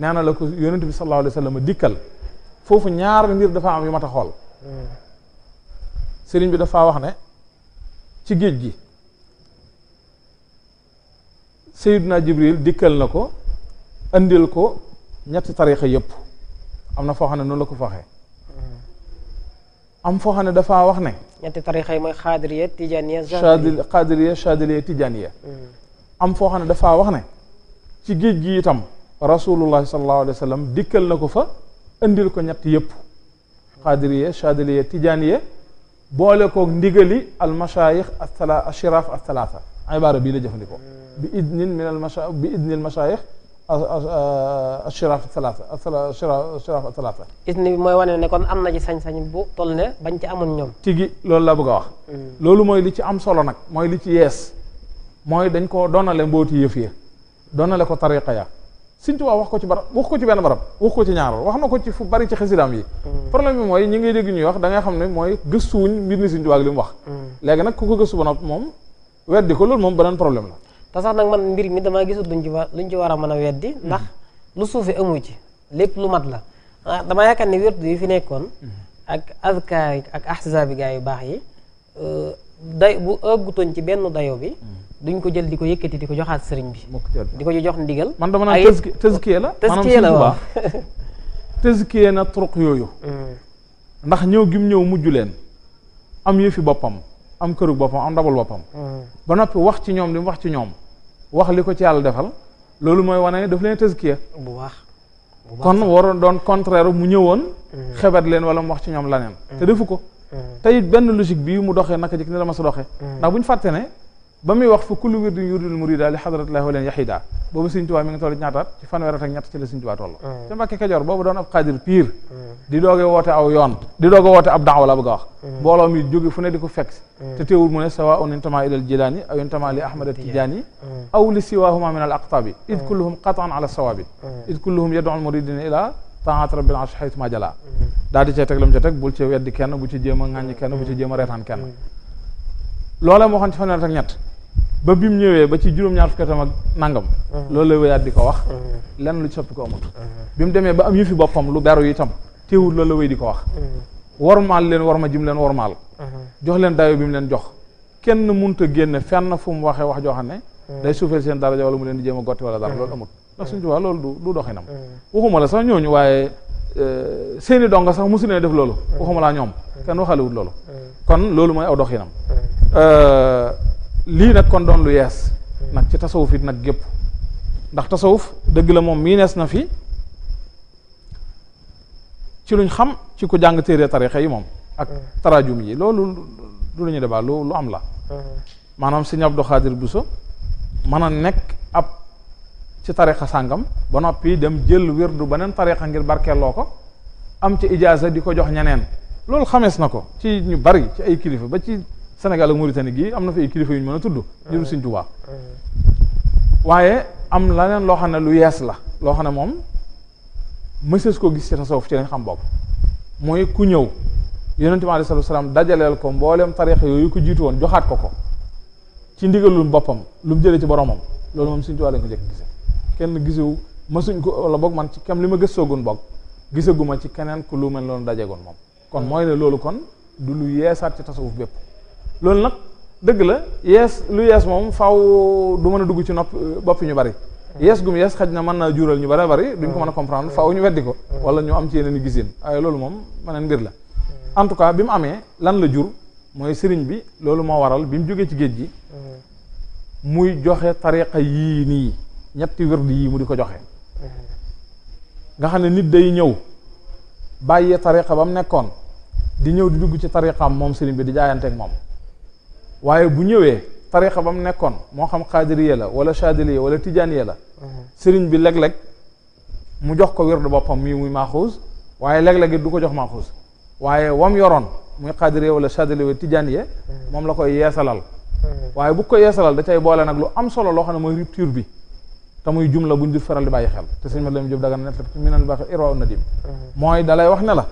nee na la ko yonent bi sallallahu alayhi wa sallam dikkal foofu ñaar mbir dafa am yu mat a xool sëriñ bi dafa wax ne ci géej gi Seydina Jibril dikkal na ko andil ko ñetti tarixa yëpp amna na foo xam ne noonu la ko faxee am foo xam ne dafa wax ne. ñetti tarixa yi mooy xaadiriya tijaaniya zaadiriya xaadiriya zaadiriya tijaaniya am foo xam ne dafa wax ne ci géej gi itam rasulullah sallallahu alayhi wasallam sallam dikkal na ko fa andil ko ñett yëpp xaadiriya zaadiriya tijaaniya boole ko ndigali al mashayikh mashaayix asala ashiraaf ay ibaara bii la jëfandikoo bi idnin min al mashayikh bi idni al mashaayix ashiraaf salaasa ashiraaf salaasa isni bi mooy wane ne kon am na ci sañ-sañ bu toll ne bañ ci amoon ñoom tigi loolu laa bëgg a wax mm. loolu mooy li ci am solo nag mooy li ci yees mooy dañ ko doonale mbooti yëf ya doonale ko tariqa ya Sëñ Tuubaa wax ko ci barab wax ko ci benn barab wax ko ci ñaaral wax na ko ci fu bari ci xasidaam yi mm. problème bi mooy ñi ngay dégg ñuy wax da ngay xam ne mooy gëstuwuñ mbir ni Sëñ Tuubaa li mu wax mm. léegi nag ku ko gëstu ba noppi moom weddi ko loolu moom beneen problème la te sax nag man mbir mi dama gisul luñ ci war luñ war a mën a weddi hmm. ndax lu suufe amul ci lépp lu mat la ah, dama yaakaar ne wérdu yi fi nekkoon hmm. ak azkaar yi ak bi gaa yu baax yi euh, day bu ëggutoon ci benn dayo bi hmm. duñ ko jël di ko yëkkati di ko joxaat sëriñ bi di ko jox ndigal man dama naan tëskiye la tëskiye la waaw tëskiye na turuq yooyu ndax ñëw gim ñëw mujj leen am yëfi boppam am këru boppam am ndabul boppam mm-hmm. ba noppi wax ci ñoom li mu wax ci ñoom wax li ko ci yàlla defal loolu mooy wane ne daf leen tëskiya bu baax kon waroon doon contraire mu ñëwoon mm-hmm. xebat leen wala mu wax ci ñoom laneen te mm-hmm. defu ko tey benn logique bi mu doxee naka jëkk ni la ma sa doxee ndax bu fàtte ne ba muy wax fa kullu wirdin yuridul murida li xadratillahi wa leen yaxida boobu sëñ Tuubaa mi ngi toll ñaataat ci fanweer ak ñett ci la sëñ Tuubaa toll ca Mbàkke Kajoor boobu doon ab xaadir piir di dooge woote aw yoon di dooge woote ab daawa la bëgg a wax mbooloo mi jóge fu ne di ko fekk si te teewul mu ne sawa un intama ilal jilaani aw intama li ahmad tijaani aw li siwahuma min al aqtabi id kulluhum qatan ala sawaabi id kulluhum yad'u al muridina ila taat rabbil arsh haytuma jala daal di cee teg lam ca teg bul ci weddi kenn bu ci jéem a ŋàññi kenn bu ci jéem a reetaan kenn loola moo xam ci fanweer ak ñett ba bi mu ñëwee ba ci juróom-ñaar fukki atam ak nangam. Mhm. loolu la wéyaat di ko wax. Mhm. lenn lu ci soppi ko amut. mu mhm. demee ba am yëfi boppam lu beru itam teewul loolu la di ko wax. wormaal leen worma jim leen wormaal. jox leen bi mu leen jox. kenn mënut a génne fenn fu mu waxee wax joo xam ne. day suufeel seen daraja wala mu leen di jéem a gotti wala dara loolu amut. ndax suñu tubaab loolu du du doxinam. waxuma la sax ñooñu waaye euh, seeni donga sax mosu nee def loolu. waxuma laa ñoom kenn waxalewut loolu. kon loolu mooy aw nam Euh, lii nag kon doon lu yees nag ci tasawuf it nag gépp ndax tasawuf dëgg la moom mii na fi ci luñ xam ci ku jàng téere tarixa yi moom ak mm. tarajum yi loolu du lu ñu débat lu lu am la mm-hmm. maanaam sëñ Abdou Khadir Bousso mën a nekk ab ci tarixa sàngam ba noppi dem jël wirdu beneen tarixa ngir barkeeloo ko am ci ijaaza di ko jox ñeneen loolu xamees na ko ci ñu bari ci ay kilifa ba ci Sénégal ak Mauritanie gii am na fi ay kilifa yu ñu mën a tudd jëru Sëñ waaye am leneen loo xam ne lu yees la loo xam ne moom mësees ko gis ci tasawuf ci lañ xam bopp mooy ku ñëw yonent bi alayhi salaam dajaleel ko mbooleem tariix yooyu ko jiitu woon joxaat ko ko ci ndigalul boppam lu mu ci boromam loolu moom Sëñ Tuubaa ko njëkk kenn gisewu mësuñ ko wala boog man ci kam li ma gëstoogun boog gisaguma ci keneen ku lu mel loolu dajegoon moom kon mooy ne loolu kon du lu yeesaat ci tasawuf bépp loolu nag dëgg la yees lu yees moom faw du mën a dugg ci nopp euh, boppi ñu bari yees gum yees xaj na mën naa juural ñu bare bari duñ ko mën a comprendre faw ñu weddi ko wala ñu am ci yeneen i gisin waaye loolu moom meneen mbir la en tout cas bi mu amee lan la jur mooy sëriñ bi loolu moo waral bi mu jógee ci géej gi muy joxe tariqa yii nii ñetti wird yii mu di ko joxe nga xam ne nit day ñëw bàyyee tariqa ba mu nekkoon di ñëw di dugg ci tariqaam moom sëriñ bi di jaayanteeg moom waaye bu ñëwee tarixa ba mu nekkoon moo xam xaadiriya la wala chadiliya wala tijaaniya la mhm. sëriñ bi léeg-léeg mu jox ko wérdu boppam mii muy maaxuus waaye léeg-léeg du ko jox maaxuus waaye wam yoroon muy xaadiriya wala chadiliya wala tijaaniya mhm. moom la koy yeesalal mhm. waaye bu ko yeesalal da cay boole nag lu am solo loo xam ne mooy rupture bi te muy jumla bu ñu di faral di bàyyi xel te sëñ Madeleine Diop daga na net mi nan baax irwa nadim mooy dalay wax ne la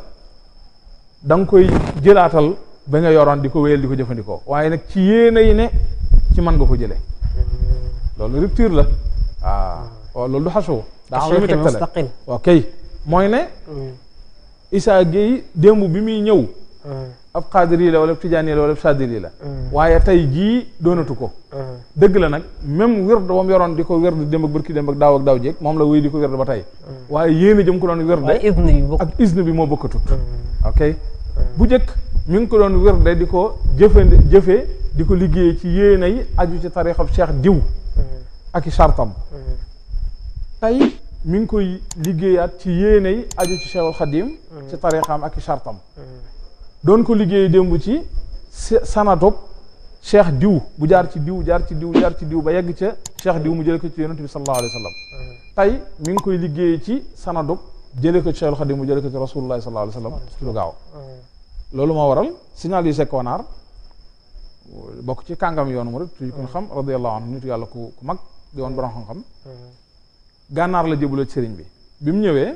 da koy jëlaatal ba nga yoroon di ko wéyal di ko jëfandikoo waaye nag ci yéene yi ne ci man nga ko jëlee loolu rupture la ah. waaw loolu du xasu daa am lu tegtale ok mooy ne hmm. Issa Gueye démb bi muy ñëw hmm. ab xaadir yi la wala ab tijaan la wala ab la hmm. waaye tey jii doonatu ko dëgg la nag même wérd wam yoroon di ko wérd démb ak bërki démb ak daaw ak daaw jéeg moom la wéy di ko wérd ba tey waaye yéene jëm ko doon wérd ak isne bi moo bokkatut ok bu jëkk mi ngi ko doon wérde di ko jëfandi jëfe di ko liggéeye ci yéene yi aju ci tarixab cheikh diw mm-hmm. ak i sartam mm-hmm. tey mu ngi koy liggéeyaat ci yéene yi aju ci cheikhul xadim mm-hmm. ci tarixam ak i sartam doon ko liggéey démb ci sanatob cheikh diw bu jaar ci diw jaar ci diw jaar ci diw ba yegg ca cheikh diw mu jële ko ci yonent bi sallallahu alayhi wa sallam mu ngi koy liggéey ci sanatob jële ko ci cheikhul xadim mu jële ko ci rasulullahi sallallahu alayhi wa sallam ci lu gaaw loolu moo waral signal yu sekoonaar bokk ci kàngam yoonu murid tuuti ko xam yàlla ku ku mag di woon borom xam-xam gànnaar la jébbaloo ci sëriñ bi bi mu ñëwee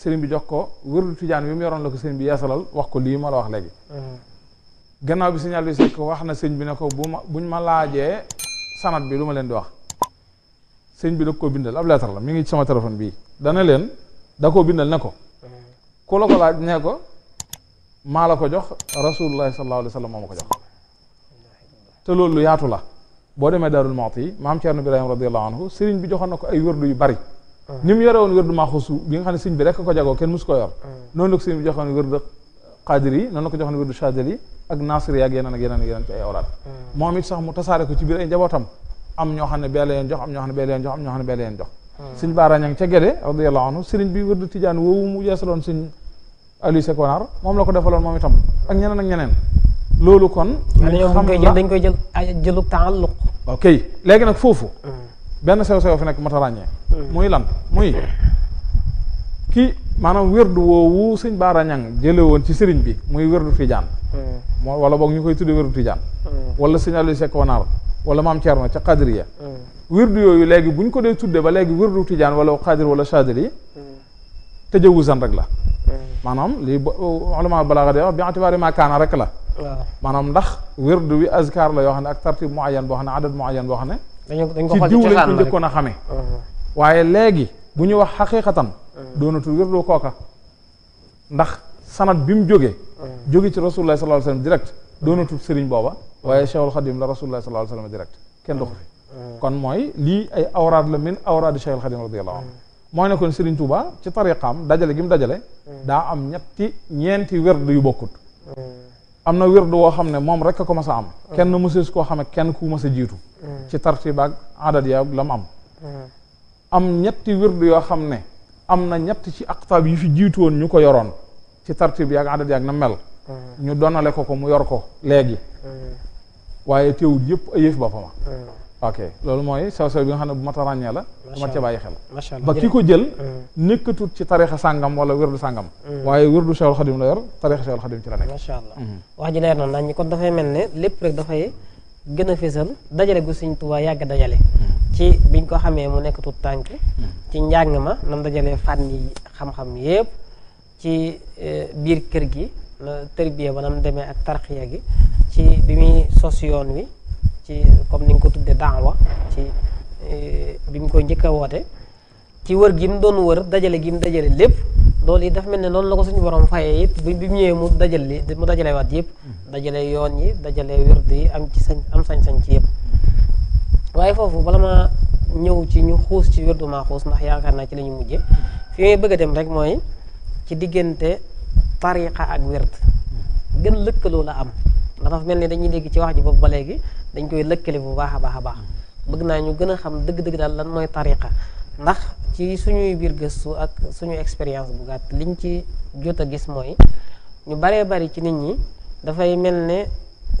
sëriñ bi jox ko wérdu tijaan bi mu yoroon la ko sëriñ bi yeesalal wax ko lii ma la wax léegi gannaaw bi signal yu sekk wax na sëñ bi ne ko bu ma buñ ma laajee sanat bi lu ma leen di wax sëñ bi da koo bindal ab lettre la mi ngi ci sama téléphone bii dana leen da koo bindal ne ko ku la ko laaj maa ko jox rasulullahi sallallahu alayhi wa sallam moo ma ko jox te loolu lu la boo demee Daarul Muxti yi maam Cerno Birahim radiyallahu anhu sëriñ bi joxoon ko ay wërdu yu bari ni yore woon wërdu maaxusu bi nga xam bi rekk ko jagoo kenn mosu yor noonu la ko sëriñ bi joxoon wërdu xaadir yi noonu la ko joxoon wërdu chadil yi ak nasir yi ak yeneen ak yeneen ak yeneen ci ay awraat moom it sax mu tasaare ko ci biir ay njabootam am ñoo xam ne bee la leen jox am ñoo xam ne bee la leen jox am ñoo xam ne bee la leen jox sëriñ Baara Ñang ca Gede radiyallahu anhu sëriñ bi wërdu tijaan woowu mu yeesaloon sëriñ Aliou Sekonar mom la ko defaloon moom itam ak ñeneen ak ñeneen lolu kon. ñu xam la dañ koy jël jëlu taalluq. ok legi nak fofu mm. ben sew sew fi nekk mata rañé mm. muy lan muy ki maanaam wérdu woowu señ Baara Ñang jële won ci señ bi muy wérdu Tijaan. Mm. moo wala bok ñukoy koy tuddee wérdu Tijaan. wala sëñ Aliou Sekonar wala mam tierno ci Qadriya. wérdu yoyu legi buñ ko dé tuddé ba léegi wérdu Tijaan wala Qadir wala shadiri تجاوزا رك لا مانام لي علماء البلاغه دي باعتبار ما كان رك لا آه. مانام ندخ ورد وي اذكار لا يوخان اك ترتيب معين بوخان عدد معين بوخان دي ديو لا كون ديكونا خامي واي لغي بو ني وخ حقيقه دونتو وردو كوكا ندخ سند بيم جوغي جوغي تي رسول الله صلى الله عليه وسلم ديريكت دونتو سيرين بوبا واي شيخ الخديم رسول الله صلى الله عليه وسلم ديريكت كين دوخ كون موي لي اي اوراد لا من اوراد شيخ الخديم رضي الله عنه moo nekkoon kon Serigne ci ci tariqaam dajale gi mu dajale. Mm. daa am ñetti ñeenti werd yu bokkut. Mm. am na werd woo xam ne moom rek a ko mas a am. Mm. kenn mësees koo xam ne kenn ku mas a jiitu. ci tartiib ak adat la mu am. am ñetti wird yoo xam ne am na ñett ci aqtaab yi fi jiitu woon ñu ko yoroon ci tartib yaag adat yaag na mel ñu donale ko ko mu yor ko léegi waaye teewul yëpp ay yëf boppam ok loolu mooy sew sew bi nga xam ne bu mat a ràññee la bu mat ca bàyyi xel ba ki ko jël mm. nekkatut ci tarixa sàngam wala wérdu sàngam mm. waaye wérdu Cheikhul Khadim la yor tarixa Cheikhul Khadim ci la nekk mm-hmm. wax ji leer na nañ ñi kon mel ne lépp rek dafay gën a fésal dajale gu yàgg dajale mm-hmm. ci biñ ko xamee mu nekk tut tànk mm-hmm. ci njàng ma nam dajale fànn yi xam-xam yépp ci eh, biir kër gi na tërbiya ba nam demee ak tarxiya gi ci bi muy sos yoon wi ci comme ni nga ko tuddee daawa ci eh, bi mu koy njëkk a woote ci wër gi mu doon wër dajale gi mu dajale lépp loolu yi dafa mel ne noonu la ko suñu borom fayee it bi mu ñëwee mu dajale mu dajale yëpp mm-hmm. dajale yoon yi dajale wërd yi am ci sañ am sañ-sañ ci yëpp waaye foofu bala ñëw ci ñu xuus ci wërdu ma xuus ndax yaakaar naa ci la ñu mujje mm-hmm. fi may bëgg a dem rek mooy ci diggante tariqa ak wërd mm-hmm. gën lëkkaloo la am ndax dafa mel ni dañuy dégg ci wax ji boobu ba léegi dañ koy lëkkale bu baax a baax a baax bëgg naa ñu gën a xam dëgg-dëgg daal lan mooy tariqa ndax ci suñuy biir gëstu ak suñu expérience bu gàtt liñ ci jot a gis mooy ñu baree bari ci nit ñi dafay mel ne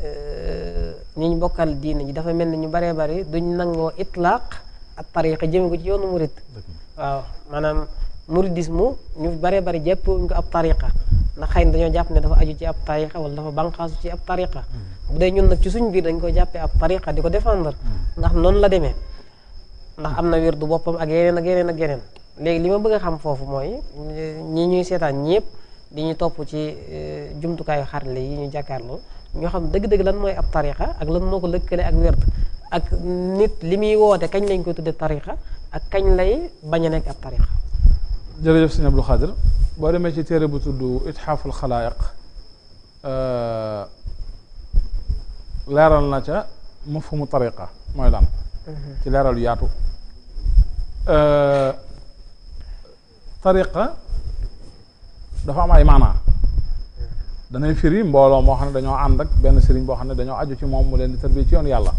euh, ñi ñu bokkal diine ji dafa mel ne ñu baree bari duñ nangoo itlaaq ak tariqa jëme ko ci yoonu murid waaw maanaam muridisme ñu baree bari jàppewuñ ko ab tariqa ndax xëy na dañoo jàpp ne dafa aju ci ab tariqa wala dafa banqaasu ci ab tariqa bu dee ñun nag ci suñ biir dañ koy jàppee ab tariqa di ko défendre nga xam noonu la demee ndax am na wirdu boppam ak yeneen ak yeneen ak yeneen léegi li ma bëgg a xam foofu mooy ñi ñuy seetaan ñëpp di ñu topp ci e, jumtukaayu xarale yi ñu jàkkaarloo ñoo xam dëgg-dëgg lan mooy ab tariqa ak lan moo ko lëkkale ak wird ak nit li muy woote kañ lañ koy tudde tariqa ak kañ lay bañ a nekk ab tariqa jërëjëf sëñ Abdou Khadir boo demee ci téere bu tudd itxaaful xalaayiq e, leral na ca mafhumu tariqa moy lan mhm. ci leeral yaatu euh, tariqa dafa am ay da danay firi mbolo mo xamne ne dañoo ànd ak ben serigne bo xamne ne dañoo aju ci mom mu len di terbi ci yoon da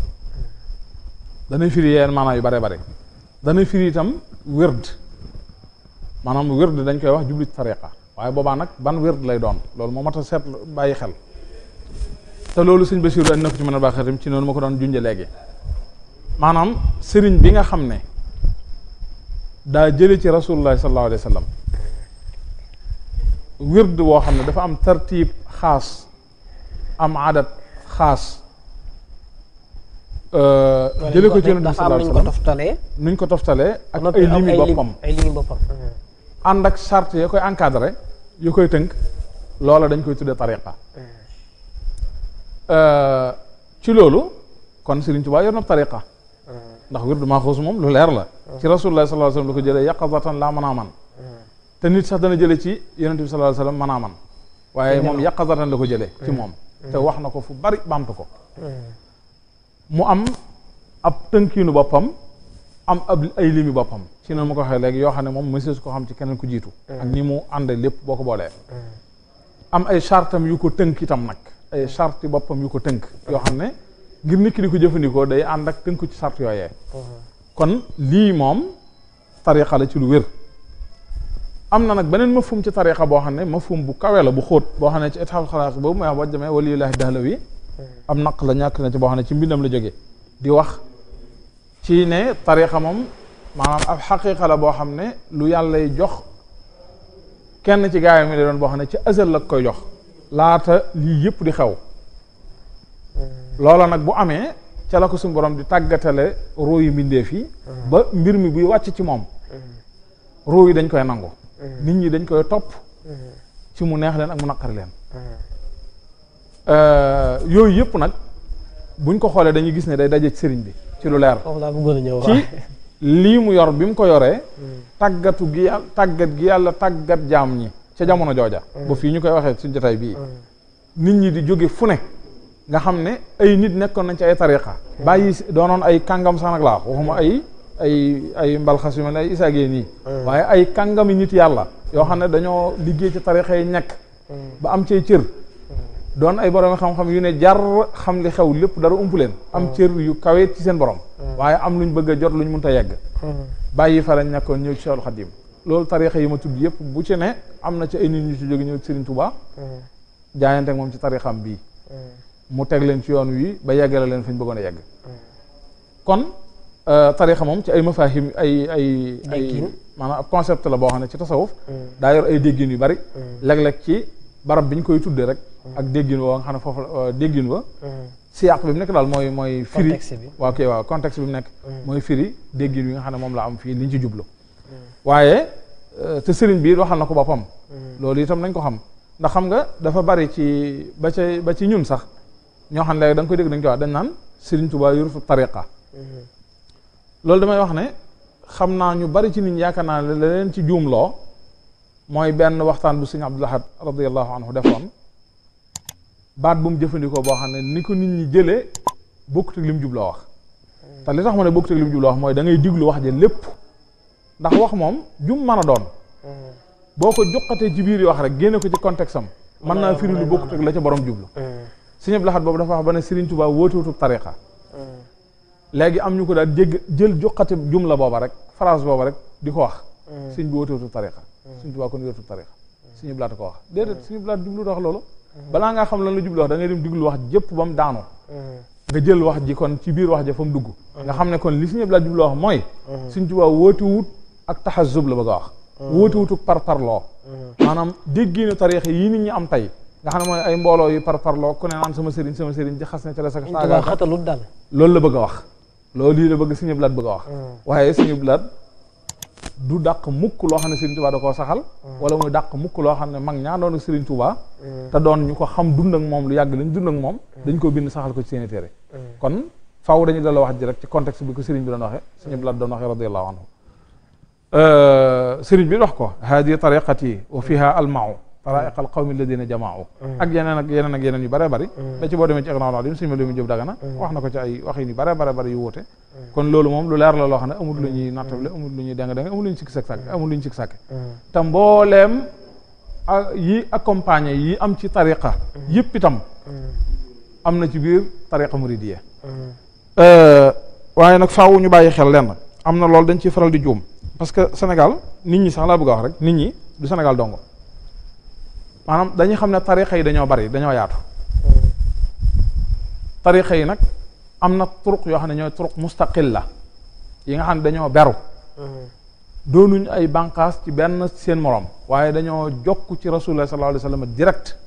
danay firi yeen mana yu bare bare danay firi tam wird manam wird dañ koy wax jubli tariqa waye boba nak ban wird lay doon lolou mo mata set xel te loolu sëñ Basiru and na ko ci mën a baax itam ci noonu ma ko doon junje léegi maanaam sëriñ bi nga xam ne daa jële ci rasulullah sallallahu alayhi wa sallam wird woo xam ne dafa am tartiib xaas am adat xaas euh, jële ko ci yonent bi sallallahu alayhi wa sallam nuñ ko toftalee nuñ ko toftalee ak ay limi boppam ay limi ànd ak charte ya koy encadré yu koy tënk loola dañ koy tuddee tariqa mm. ci loolu kon Sëriñ Tuubaa yor na tariqa ndax wirdu maaxuus moom lu leer la ci rasulullah sallallahu alayhi wasallam la ko jëlee yaqazatan laa manaaman te nit sax dana jële ci yonent bi sallallahu alayhi wasallam manaaman waaye moom yaqazatan la ko jëlee ci moom te wax na ko fu bari bamtu ko mu am ab tënkiinu boppam am ab ay limi boppam ci noonu ma ko waxee léegi yoo xam ne moom mësees ko xam ci keneen ku jiitu ak ni mu ànd lépp boo ko boolee am ay chartam yu ko tënk itam nag ay charte boppam yu ko tënk yoo xam ne ngir nit di ko jëfandikoo day ànd ak tënku ci charte yooyee kon lii moom tarixa la ci lu wér am na nag beneen mafum ci tarixa boo xam ne mafum bu kawe la bu xóot boo xam ne ci état xalaat boobu mooy wax boo demee waliyulaahi dahlawi am naq la ñàkk na ci boo xam ne ci mbindam la jóge di wax ci ne tarixa moom maanaam ab xaqiqa la boo xam ne lu yàlla jox kenn ci gaayam mi la doon boo xam ne ci azal la koy jox laata lii yëpp di xew loola nag bu amee ca la ko suñu borom di tàggatale ruu yi mbindeef yi ba mbir mi buy wàcc ci moom ruu yi dañ koy nangu nit ñi dañ koy topp ci mu neex leen ak mu naqari leen euh, yooyu yëpp nag buñ ko xoolee dañuy gis ne day daje sëriñ bi ci lu leer ci lii mu yor bi mu ko yoree mm. tàggatu gi yàlla tàggat gi yàlla tàggat jaam ñi ca jamono jooja. ba fii ñu koy waxee si jotaay bii. nit ñi di jóge fu ne. nga xam ne ay nit nekkoon nañ ci ay tariqa bàyyi doonoon ay kàngam sax nag laa waxuma ay ay ay mbalxas yu mel ne ay isaagee nii. Hmm. waaye ay kàngami nit yàlla. yoo xam ne dañoo liggéey ci tarixa yi nekk. Hmm. ba am cee cër. Hmm. doon ay borom xam-xam yu ne jar xam li xew lépp dara ump leen. am cër yu kaweet ci seen borom. waaye am luñ bëgg a jot luñ mënut a yegg. bàyyi fa lañ nekkoon ñëw ci Seexul Xadiim loolu tarixa yi ma tudd yëpp bu ci ne am na ci ay nit ñu ci jóge ñëw Serigne Touba. Mm-hmm. jaayante moom ci tarixam bii. Mm-hmm. mu teg leen ci yoon wi ba yeggale leen fi ñu bëggoon a yegg. Mm-hmm. kon euh, tarixa moom ci ay mafahim ay ay. ay maanaam ab concept la boo xam ne ci tasawuf. daa yor ay déggin yu bari. léeg-léeg ci barab bi ñu koy tuddee rek. ak déggin wa nga xam ne foofu euh, déggin wa. siyaq bi mu nekk daal mooy mooy. firi contexte bi waaw kay waaw contexte bi mu nekk. mooy firi déggin wi nga xam ne moom la am fii liñ ci jublu. waaye euh, te sëriñ bi waxal na ko boppam. Mm-hmm. loolu itam nañ ko xam ndax xam nga dafa bari ci ba ca ba ci ñun sax ñoo xam ne léegi da nga koy dégg dañ koy wax dañ naan sëriñ Tuubaa yurutu tariqa mm-hmm. loolu damay wax ne xam naa ñu bari ci nit ñi yaakaar naa ne la leen ci juumloo mooy benn waxtaan bu sëñ Abdul Ahad radiyallahu anhu defoon baat bu mu jëfandikoo boo xam ne ni ko nit ñi jëlee bokkut ak mu jubloo wax mm-hmm. te li tax ma ne bokkut ak jubloo wax mooy da ngay diglu wax ja lépp ndax wax moom jum mën a doon boo ko joxatee ci biir yi wax rek génne ko ci contexte am mën naa firi lu bokkut ak la ca borom jublu sëñ Abdou Lahad boobu dafa wax ba ne Serigne Touba wóotuwutub tariqa léegi am ñu ko daal jégg jël joxati jumla booba rek phrase booba rek di ko wax sëñ bi wóotuwutub tariqa sëñ Touba kon wóotuwub tariqa sëñ Abdou ko wax déedéet sëñ Abdou jublu wax loolu balaa ngaa xam lan la jublu wax da ngay dem diglu wax jëpp ba mu daanoo nga jël wax ji kon ci biir wax ja fa mu dugg nga xam ne kon li sëñ Abdou Lahad jublu wax mooy sëñ Touba wóotiwut ak tahazzub la bëgg wax wootu wutuk par parloo maanaam déggiinu tariix yi nit ñi am tay nga xam ne ay mbolo yu par parloo ku ne naan sama serigne sama serigne ci xas ci la sax taaga xatalu dal loolu la bëgg wax loolu yi la bëgg Sëriñ blad bëgg wax mm. waye Sëriñ blad du dàq mukk lo xamne Serigne Touba da ko saxal. Mm. wala moy dàq mukk lo xamne mag ñaan doon Serigne Touba. Mm. ta doon ñuko xam dund ak mom lu yag lañ dund ak mom dañ ko bind saxal ko ci seeni téré kon faaw dañu dala wax ji rek ci contexte bi ko Serigne bi doon waxe Sëriñ blad doon waxe radiyallahu anhu Euh, sëriñ bi dox ko haadi tariqati wa fiha almau taraiqa alqawmi alladina jamaau mm. ak yeneen ak yeneen ak yeneen yu bare bari da mm. ci boo demee ci Ighnaa'ul 'Aliim sëriñ Maam Lamin Jóob Dagana mm. wax na ko ci ay waxin yu bare bare bari yu loolu moom lu leer la loo xam ne amul lu ñuy nattable amul lu ñuy deng deng amul lu ñu sikk sàkk amul lu ñu sikk sàkk te yi accompagné yi am ci tariqa yëpp itam am na ci biir tariqa muridiyya euh, waaye nag faaw ñu bàyyi xel lenn am na loolu dañ ciy faral di juum parce que Sénégal nit ñi sax laa bëgg a wax rek nit ñi du Sénégal dongo maanaam dañuy xam ne tarixa yi dañoo bari dañoo yaatu tarixa yi nag am na turuq yoo xam ne ñooy turuq mustaqil la yi nga xam ne dañoo beru mm-hmm. doonuñ ay bànqaas ci benn seen morom waaye dañoo jokk ci rasulullah sallallahu alayhi wa sallam direct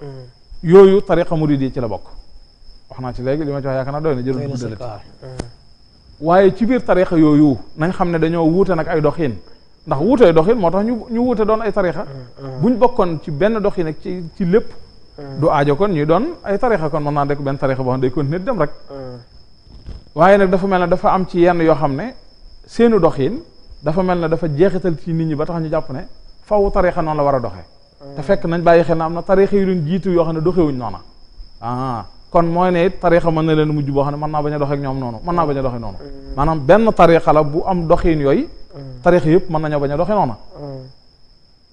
mm-hmm. yooyu tariqa murid yi ci la bokk wax naa ci léegi li ma ci wax yaakaar naa doy na jëru dëlati waaye ci biir tarixa yooyu nañ xam ne dañoo wuute nag ay doxin ndax wuutee doxin moo tax ñu ñu wuute doon ay ah, ah. bu ñu bokkoon ci benn doxin ak ci ci lépp ah. du aajo kon ñuy doon ay tarixa kon mën naa dekk benn tarixa boo xam ne day continuer dem rek waaye nag dafa mel ne dafa am ci yenn yoo xam ne seenu doxin dafa mel ne dafa jeexital ci nit ñi ba tax ñu jàpp ne faw tarixa noonu la war a doxe te fekk nañ bàyyi xel na am na tarixa yu luñ jiitu yoo xam ne doxewuñ noona ah kon mooy ne it tarixa mën na leen mujj boo xam ne man naa bañ a doxee ak ñoom noonu mën naa bañ a doxee noonu mm. maanaam benn tarixa la bu am doxiin yooyu mm. tarixa yëpp mën nañoo bañ a doxee noonu mm.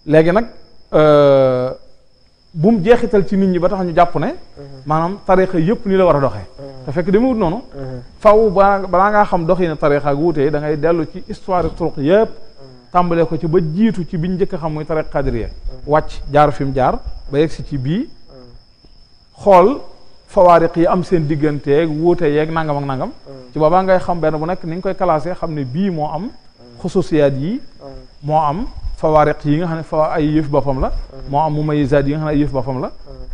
léegi nag euh, bu mu jeexital ci nit ñi ba tax ñu jàpp ne maanaam tarixa yëpp nii la war a doxee te fekk demewut noonu faw ba balaa ngaa xam doxiinu tarixa ak wuute da ngay dellu ci histoire turuq yëpp tàmbalee ko ci ba jiitu ci biñ njëkk xam muy tariqa qadiriya wàcc jaar fi mu jaar ba yegg ci bii xool fawaariq yi am seen digganteeg wuute yeeg nangam ak nangam mm. ci boobaa ngay xam benn bu nekk ni nga koy classé xam ne bii moo am mm. xususiyaat yi mm. moo am fawaariq yi nga xam ne fa ay yëf boppam la moo am mumayisaat yi nga xam ne yëf boppam la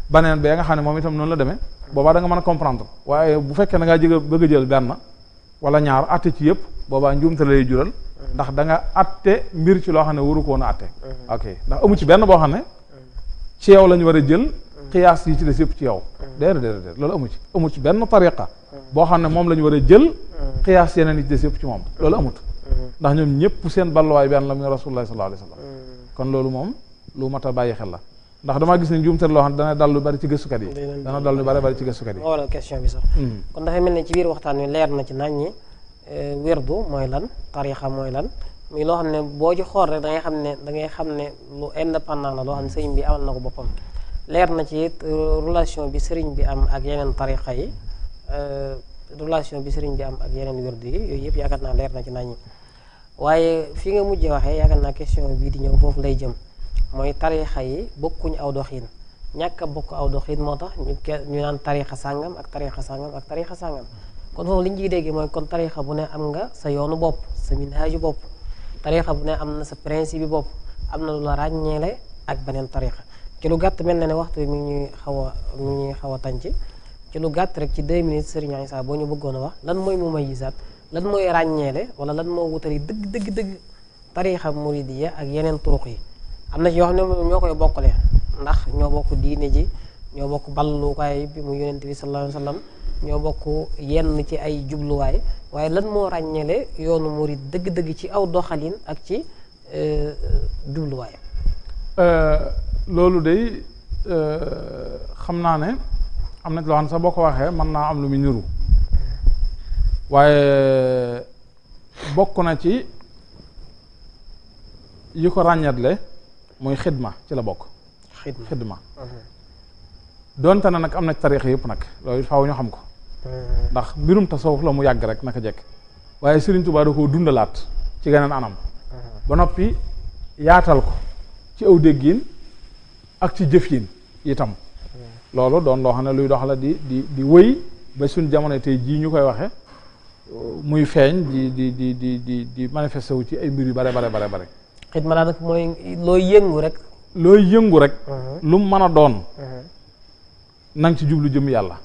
baneen ba nga xam ne moom itam noonu la demee boobaa da nga mën a comprendre waaye bu fekkee da ngaa jëg bëgg jël benn wala ñaar atte ci yëpp boobaa njuumte lay jural ndax danga nga atte mbir ci loo xam ne waru ko woon a atte ok ndax amu ci benn boo xam ne ci yow la ñu war a jël xiyaas yi ci des yëpp ci yow déedéet déedéet loolu amu ci amu ci benn tariqa boo xam ne moom la ñu war a jël xiyaas yeneen yi ci des yëpp ci moom loolu amut ndax ñoom ñëpp seen balluwaay benn la muy rasulullah sallallahu alayhi wasallam kon loolu moom lu mat a bàyyi xel ndax damaa gis ne loo dana dal lu bari ci gëstukat yi dana dal lu bari bari ci gëstukat yi waral question bi sax hmm. kon dafay mel ne ci biir waxtaan wi leer na ci nañ ñi eh, wérdu mooy lan tariqa mooy lan muy loo xam ne boo ci xool rek da ngay xam ne da ngay xam ne lu indépendant la loo xam ne sëñ bi amal na ko boppam leer na ci it euh, relation bi sëriñ bi am ak yeneen tariqa yi euh, relation bi sëriñ bi am ak yeneen wérdu yi yooyu yëpp yaakaar naa leer na ci nañu waaye fi nga mujjee waxee yaakaar naa question bii di ñëw foofu lay jëm mooy tarixa yi bokkuñu aw doxiin ñàkk a bokk aw doxiin moo tax ñu ñu naan tarixa sàngam ak tarixa sàngam ak tarixa sàngam kon foofu li ñu ciy déggee mooy kon tarixa bu ne am nga sa yoonu bopp sa minhaaju bopp tarixa bu ne am na sa principe bi bopp am na lu la ak beneen tarixa ci lu gàtt mel na ne waxtu mu ngi ñuy xaw a mi xaw a tànc ci lu gàtt rek ci de deux minutes Serigne Issa boo ñu bëggoon wax lan mooy mumayyizaat lan mooy ràññeele wala lan moo wutali dëgg dëgg dëgg tariixa muridiya ak yeneen turuq yi am na ci yoo xam ne ñoo koy bokkale ndax ñoo bokk diine ji ñoo bokk ballukaay bi mu yonent bi sallallahu alayhi ñoo bokk yenn ci ay jubluwaay waaye lan moo ràññeele yoonu murid dëgg-dëgg ci aw doxalin ak ci euh, jubluwaay euh, loolu day xam naa ne am na loo xam ne sax boo ko waxee mën naa am lu mu niru waaye bokk na ci yi ko le muy xidma ci la bokk xidma doonte na nag am na ci tariixa yëpp nag loolu faaw ñu xam ko ndax mbirum tasawuf la mu yàgg rek naka jekk waaye Serigne Touba da koo dundalaat ci geneen anam ba noppi yaatal ko ci aw déggin ak ci jëf yi itam loolu doon loo xam ne luy dox la di di di wëy ba suñ jamono tey jii ñu koy waxe muy feeñ di di di di di di wu ci ay mbir yu bare bare bare bare xidma daanaka mooy looy yëngu rek looy yëngu rek mhm. lu mu mën a doon mhm. nan ci jublu jëm yàlla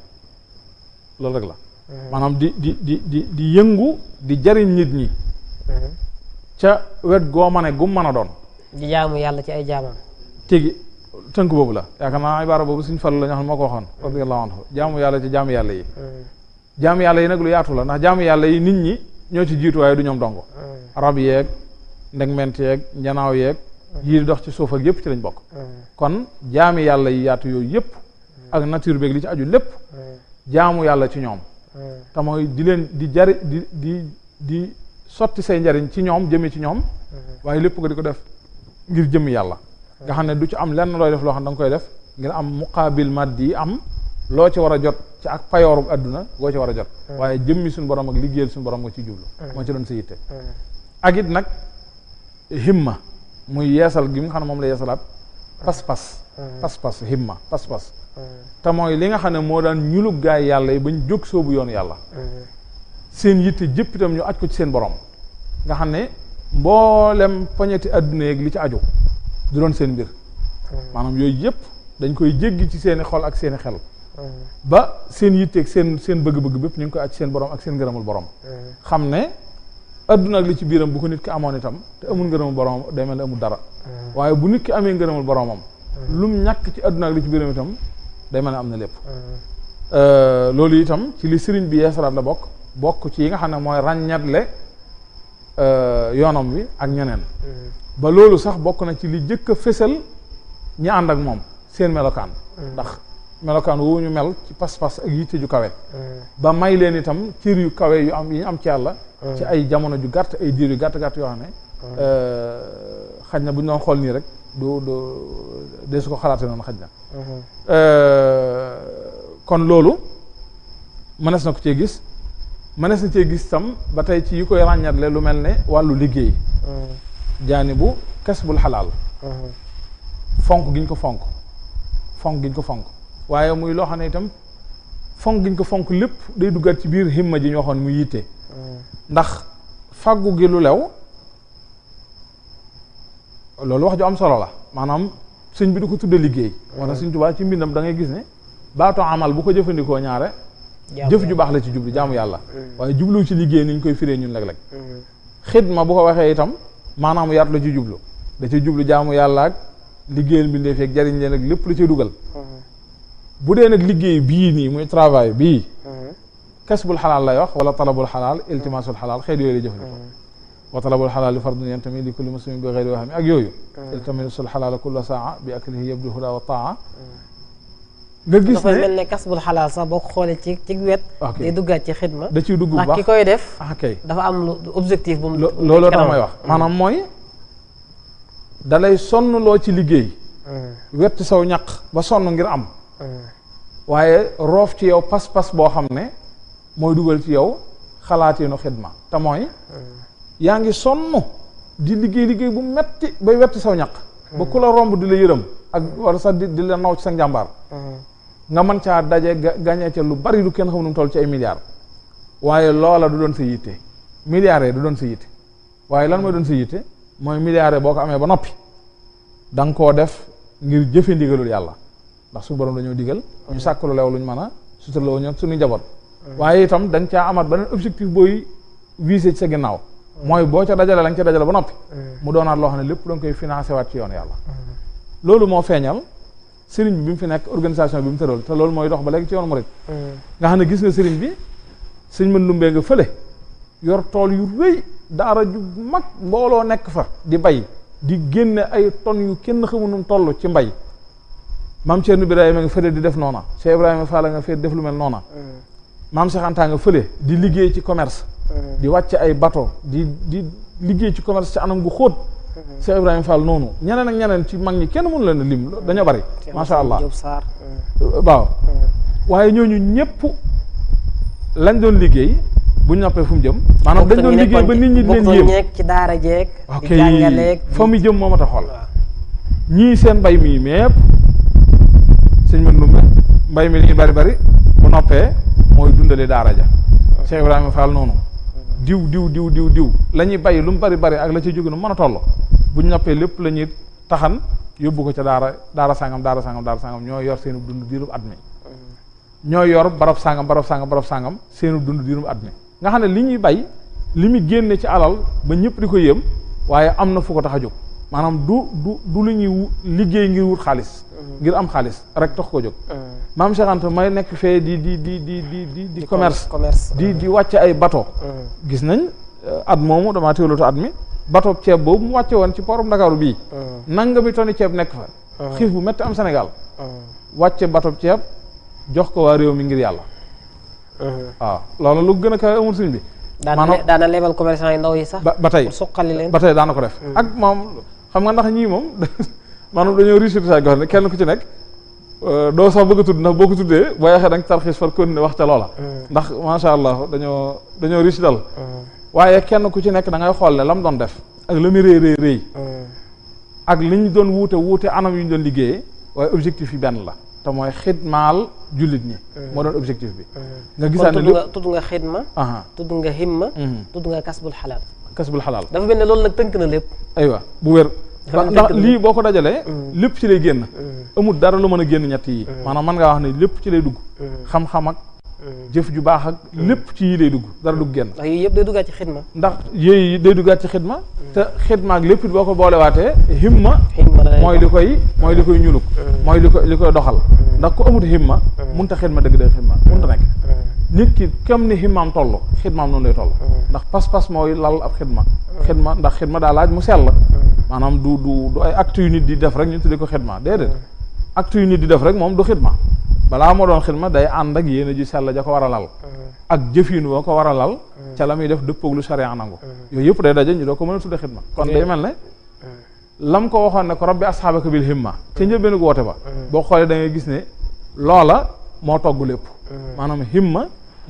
loolu rek la mhm. maanaam di di di di di yëngu di jariñ nit ñi ca wet goo ma ne mën a doon di jaamu yàlla ci ay jaamam tënk boobu la yaakaar naa ibaara boobu suñ fal la ñoo xam moo ko waxoon radiyallahu anhu jaamu yàlla ci jaamu yàlla yi hmm. jaamu yàlla yi nag lu yaatu la ndax jaamu yàlla yi nit ñi ñoo ci jiitu waaye du ñoom dong hmm. rab yeeg ndegment yeeg njanaaw yeeg hmm. yii di dox ci suuf ak yëpp ci lañ bokk kon jaami yàlla yi yaatu yooyu yëpp ak nature beeg li ci aju lépp jaamu yàlla ci ñoom te mooy di leen di jari di di di sotti say njariñ ci ñoom jëme ci ñoom waaye lépp nga di ko def ngir jëmmi yàlla nga xamne du ci am lenn loy def lo xamne dang koy def ngir am muqabil maddi am lo ci wara jot ci ak payooru aduna go ci wara jot hmm. waye jëmmi sun borom ak liggéeyal sun borom ci jublu hmm. mo ci don sa yitte hmm. ak it himma muy yeesal gi nga xamne mom la yeesalat pas-pas pas-pas himma pas-pas ta moy li nga xamne mo moo daan ñulug gaay yalla yi bañ jóg soobu yoon yalla seen yitte jep tam ñu acc ko ci seen borom nga xamne ne mboolem aduna adduna li ci aju du doon seen mbir maanaam yooyu yëpp dañ koy jéggi ci seen i xol ak seen i xel ba seen yitteeg seen seen bëgg-bëgg bépp ñu ngi koy aj seen borom ak seen ngërëmul borom xam ne adduna ak li ci biiram bu ko nit ki amoon itam te amul ngërëmul boromam day mel ne amul dara waaye bu nit ki amee ngërëmul boromam lum ñàkk ci adduna ak li ci biiram itam day mel ne am na lépp mm. euh, loolu itam ci li sëriñ bi yeesalaat la bokk bokk ci yi nga xam ne mooy ràññatle Euh, yoonam wi ak ñeneen mm-hmm. ba loolu sax bokk na ci li jëkk a fésal ñi ànd ak moom seen melokaan mm-hmm. ndax melokaan woo ñu mel ci pas-pas ak yitte ju kawe mm-hmm. ba may leen itam cër yu kawe yu am yi ñu am ci yàlla ci ay jamono ju gàtt ay diir yu gàtt-gàtt yoo xam ne euh, xaj na bu ñu doon xool nii rek du du de su ko xalaatee noonu xaj na euh, kon loolu mënees na ko cee gis mënees na cee gis tam ba tey ci yi koy ràññatle lu mel ne wàllu liggéey mm-hmm. jaani bu kes bul xalaal mm-hmm. fonk gi ñu ko fonk fonk gi ko fonk waaye muy loo xam ne itam fonk gi ñu ko fonk lépp day duggaat ci biir himma ji ñu waxoon mu yitte mm-hmm. ndax fàggu gi lu lew loolu wax ju am solo la maanaam sëñ bi du ko tudde liggéey wala sëñ Tuubaa ci mbindam da ngay gis ne baatu amal bu ko jëfandikoo ñaare jëf ju baax la ci jublu jaamu yàlla waaye jublu ci liggéey ni ñu koy firee ñun léeg-léeg xidma bu ko waxee itam maanaam yaat la ci jublu da ci jublu jaamu yàlla ak liggéeyal mbindeef yeeg jariñ leen ak lépp la ci dugal bu dee nag liggéey bii nii muy travail bii kasbul xalaal lay wax wala talabul xalaal iltimaasul xalaal xeet yooyu la jëfandikoo wa talabul xalaal li fardun yantami li kulli muslimin bi xeyri waxami ak yooyu iltimaasul xalaal kulla saa bi aklihi yabdu huda wa taa nga gis ne dafay mel ne kasbul xalaal sax boo ko xoolee ci ci wet. day duggaat ci xidma da ciy dugg bu baax ki koy def. dafa am objectif bu mu. looloo tax may wax maanaam mooy. da ci liggéey. Mm. wetti saw ñaq ba sonn ngir am. Mm. waaye roof ci yow pas-pas boo xam ne mooy dugal ci yow xalaatinu xidma te mooy. Mm. yaa ngi sonn di liggéey liggéey bu metti bay wetti saw ñaq. ba ku la romb di la yërëm ak war sax di di la naw ci sa njàmbaar. nga mën caa daje gañee ca lu bari lu kenn xam nu mu toll ci ay milliards waaye loola du doon sa yitte milliards du doon sa yitte waaye lan mooy doon sa yitte mooy milliards boo ko amee ba noppi da koo def ngir jëfe yàlla ndax suñu borom dañoo digal ñu mm. sàkk lu leew mën a suturloo ñoom suñu njaboot mm. waaye itam da caa amaat beneen objectif booy visé ci sa ginnaaw mm. mooy boo ca dajalee lañ nga ca dajale ba noppi mu doonaat loo xam ne lépp da koy financé waat ci yoon yàlla loolu moo feeñal sëriñ bi bi mu fi nekk organisation bi mu tëral te loolu mooy dox ba léegi ci yoonu murid nga xam ne gis nga sëriñ bi sëñ mën lumbee nga fële yor tool yu rëy daara ju mag mbooloo nekk fa di bay di génne ay ton yu kenn xamu nu toll ci mbay maam Cerno Birahima nga fële di def noona Cheikh Ibrahima Fall nga fële def lu mel noona maam Cheikh Anta nga fële di liggéey ci commerce mm. di wàcc ay bateau di di liggéey ci commerce ci anam bu xóot Cheikh Ibrahima Fall noonu ñeneen ak ñeneen ci mag ñi kenn mënu leen a lim dañoo bari macha allah euh, waaw waaye ñooñu ñëpp lañ doon liggéey bu noppee fu mu jëm maanaam dañ doon liggéey ñi leen ci daara jeeg ok fa mu jëm moo ñii seen mbay mi mépp sëñ mën dumbe mbay mi li bari bari bu noppee mooy dundale daara ja Cheikh Ibrahima Fall noonu diw diw diw diw diw la ñuy bàyyi lu mu bari bari ak la ci jóge nu mën a toll bu noppee lépp la ñuy taxan yóbbu ko ca daara daara sangam daara sangam daara sangam ñoo yor seenu dund diirub at mi mm. ñoo yor barab sangam barab sangam barab sangam seenu dund diirub at mi nga xam ne li ñuy bay li muy génne ci alal ba ñëpp di ko yëm waaye am na fu ko tax a jóg maanaam du du du lu ñuy liggéey ngir wut xaalis. Mhm. ngir am xaalis rek tox ko jóg. Mhm. maam Cheikh Anta may nekk fee di di di di di di. di commerce di di wàcce ay bato. Mhm. gis nañ uh, at moomu damaa teelatu at mi bato ceeb boobu mu wàcce woon ci porum Ndakaaru bii. mi tonni ceeb nekk fa. xiif bu metti am Sénégal. wàcce bato ceeb jox ko waa réew mi ngir yàlla. waaw loolu lu gën a kawe amul suñ bi. daana lebal commerçant yi ndaw yi sax. ba ba tey ba tey ko def. ak moom xam nga ndax ñii moom maanaam dañoo réussir saa gox ne kenn ku ci nekk euh, doo sax bëgg tudd ndax boo ko tuddee boo yaxee da nga tarxiis far kon ne wax mm. ndax macha allah dañoo dañoo réussir dal mm. waaye kenn ku ci nekk da xool ne la doon def ak la mu réy réy réy mm. ak li ñu doon wuute wuute anam yu ñu doon liggéeyee waaye objectif yi benn la te mooy xidmaal jullit ñi moo doon objectif bi nga gisaat ne lépp tudd nga xidma tudd nga himma mm-hmm. tudd nga kasbul xalaal kasbul xalaal. dafa mel ne loolu nag tënk na lépp. aywa bu wér. ndax lii boo ko dajalee. Mm. lépp ci lay génn. Mm. amul dara lu mën a génn ñett yi. Mm. maanaam man nga wax ne lépp ci lay dugg. xam-xam jëf ju baax ak hmm. lépp ci yii lay dugg dara dugg génn. ndax yii yëpp day duggaat ci xidma. ndax yii day duggaat ci xidma. te xidma ak lépp boo ko boolewaatee himma. mooy li koy mooy li koy ñuluk. Hmm. mooy li koy li koy doxal. Hmm. ndax ku amut himma. mënut a xidma dëgg dëgg xidma mënut a nekk. nit ki kam ni himmaam toll xidmaam noonu lay toll. ndax pas-pas mooy lal ab xidma. xidma ndax xidma daa laaj mu sell. maanaam du du du ay actes yu nit di def rek ñu tuddee ko xidma déedéet. de yu nit di def rek moom du xidma balaa moo doon xidma day ànd ak yéene ji sell ja ko war a lal mm-hmm. ak jëfin woo ko war a lal mm-hmm. ca la muy def dëppoog lu sariya nangu mm-hmm. yooyu yëpp day daje ñu doo ko mën a tudde xidma kon day mel ne lam ko waxoon ne ko rabbi asxaabaka bil himma ca njëlbeenu woote ba boo xoolee da ngay gis ne loola moo togg lépp maanaam himma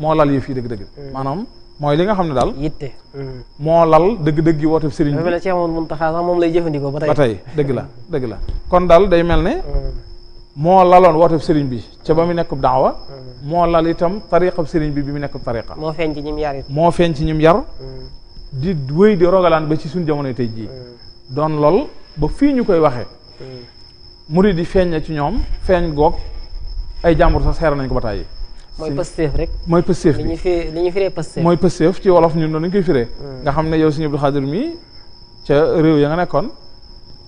moo lal yëf yi dëgg-dëgg maanaam mooy li nga xam ne daal yitte moo lal dëgg-dëgg yi woote sëriñ bi moom lay jëfandikoo ba tey dëgg la dëgg la kon daal day mel ne moo laloon woote sëriñ bi ca ba mu nekk daawa mm. moo lal itam tariqab sëriñ bi bi mu nekk tariqa moo feeñ ci ñim yar moo feeñ ci ñim yar mm. di wéy di rogalaan ba ci suñ jamono tey jii mm. doon lool ba fii ñu koy waxee mu murid di feeñ na ci ñoom feeñ goog ay jàmbur sax seera nañ ko ba tàyyi mooy pësteef rek mooy pësteef bi li ñu firee pësteef mooy pësteef ci wolof ñu noonu ñu koy firee nga xam ne yow sëñ Abdou Khadir mii ca réew ya nga nekkoon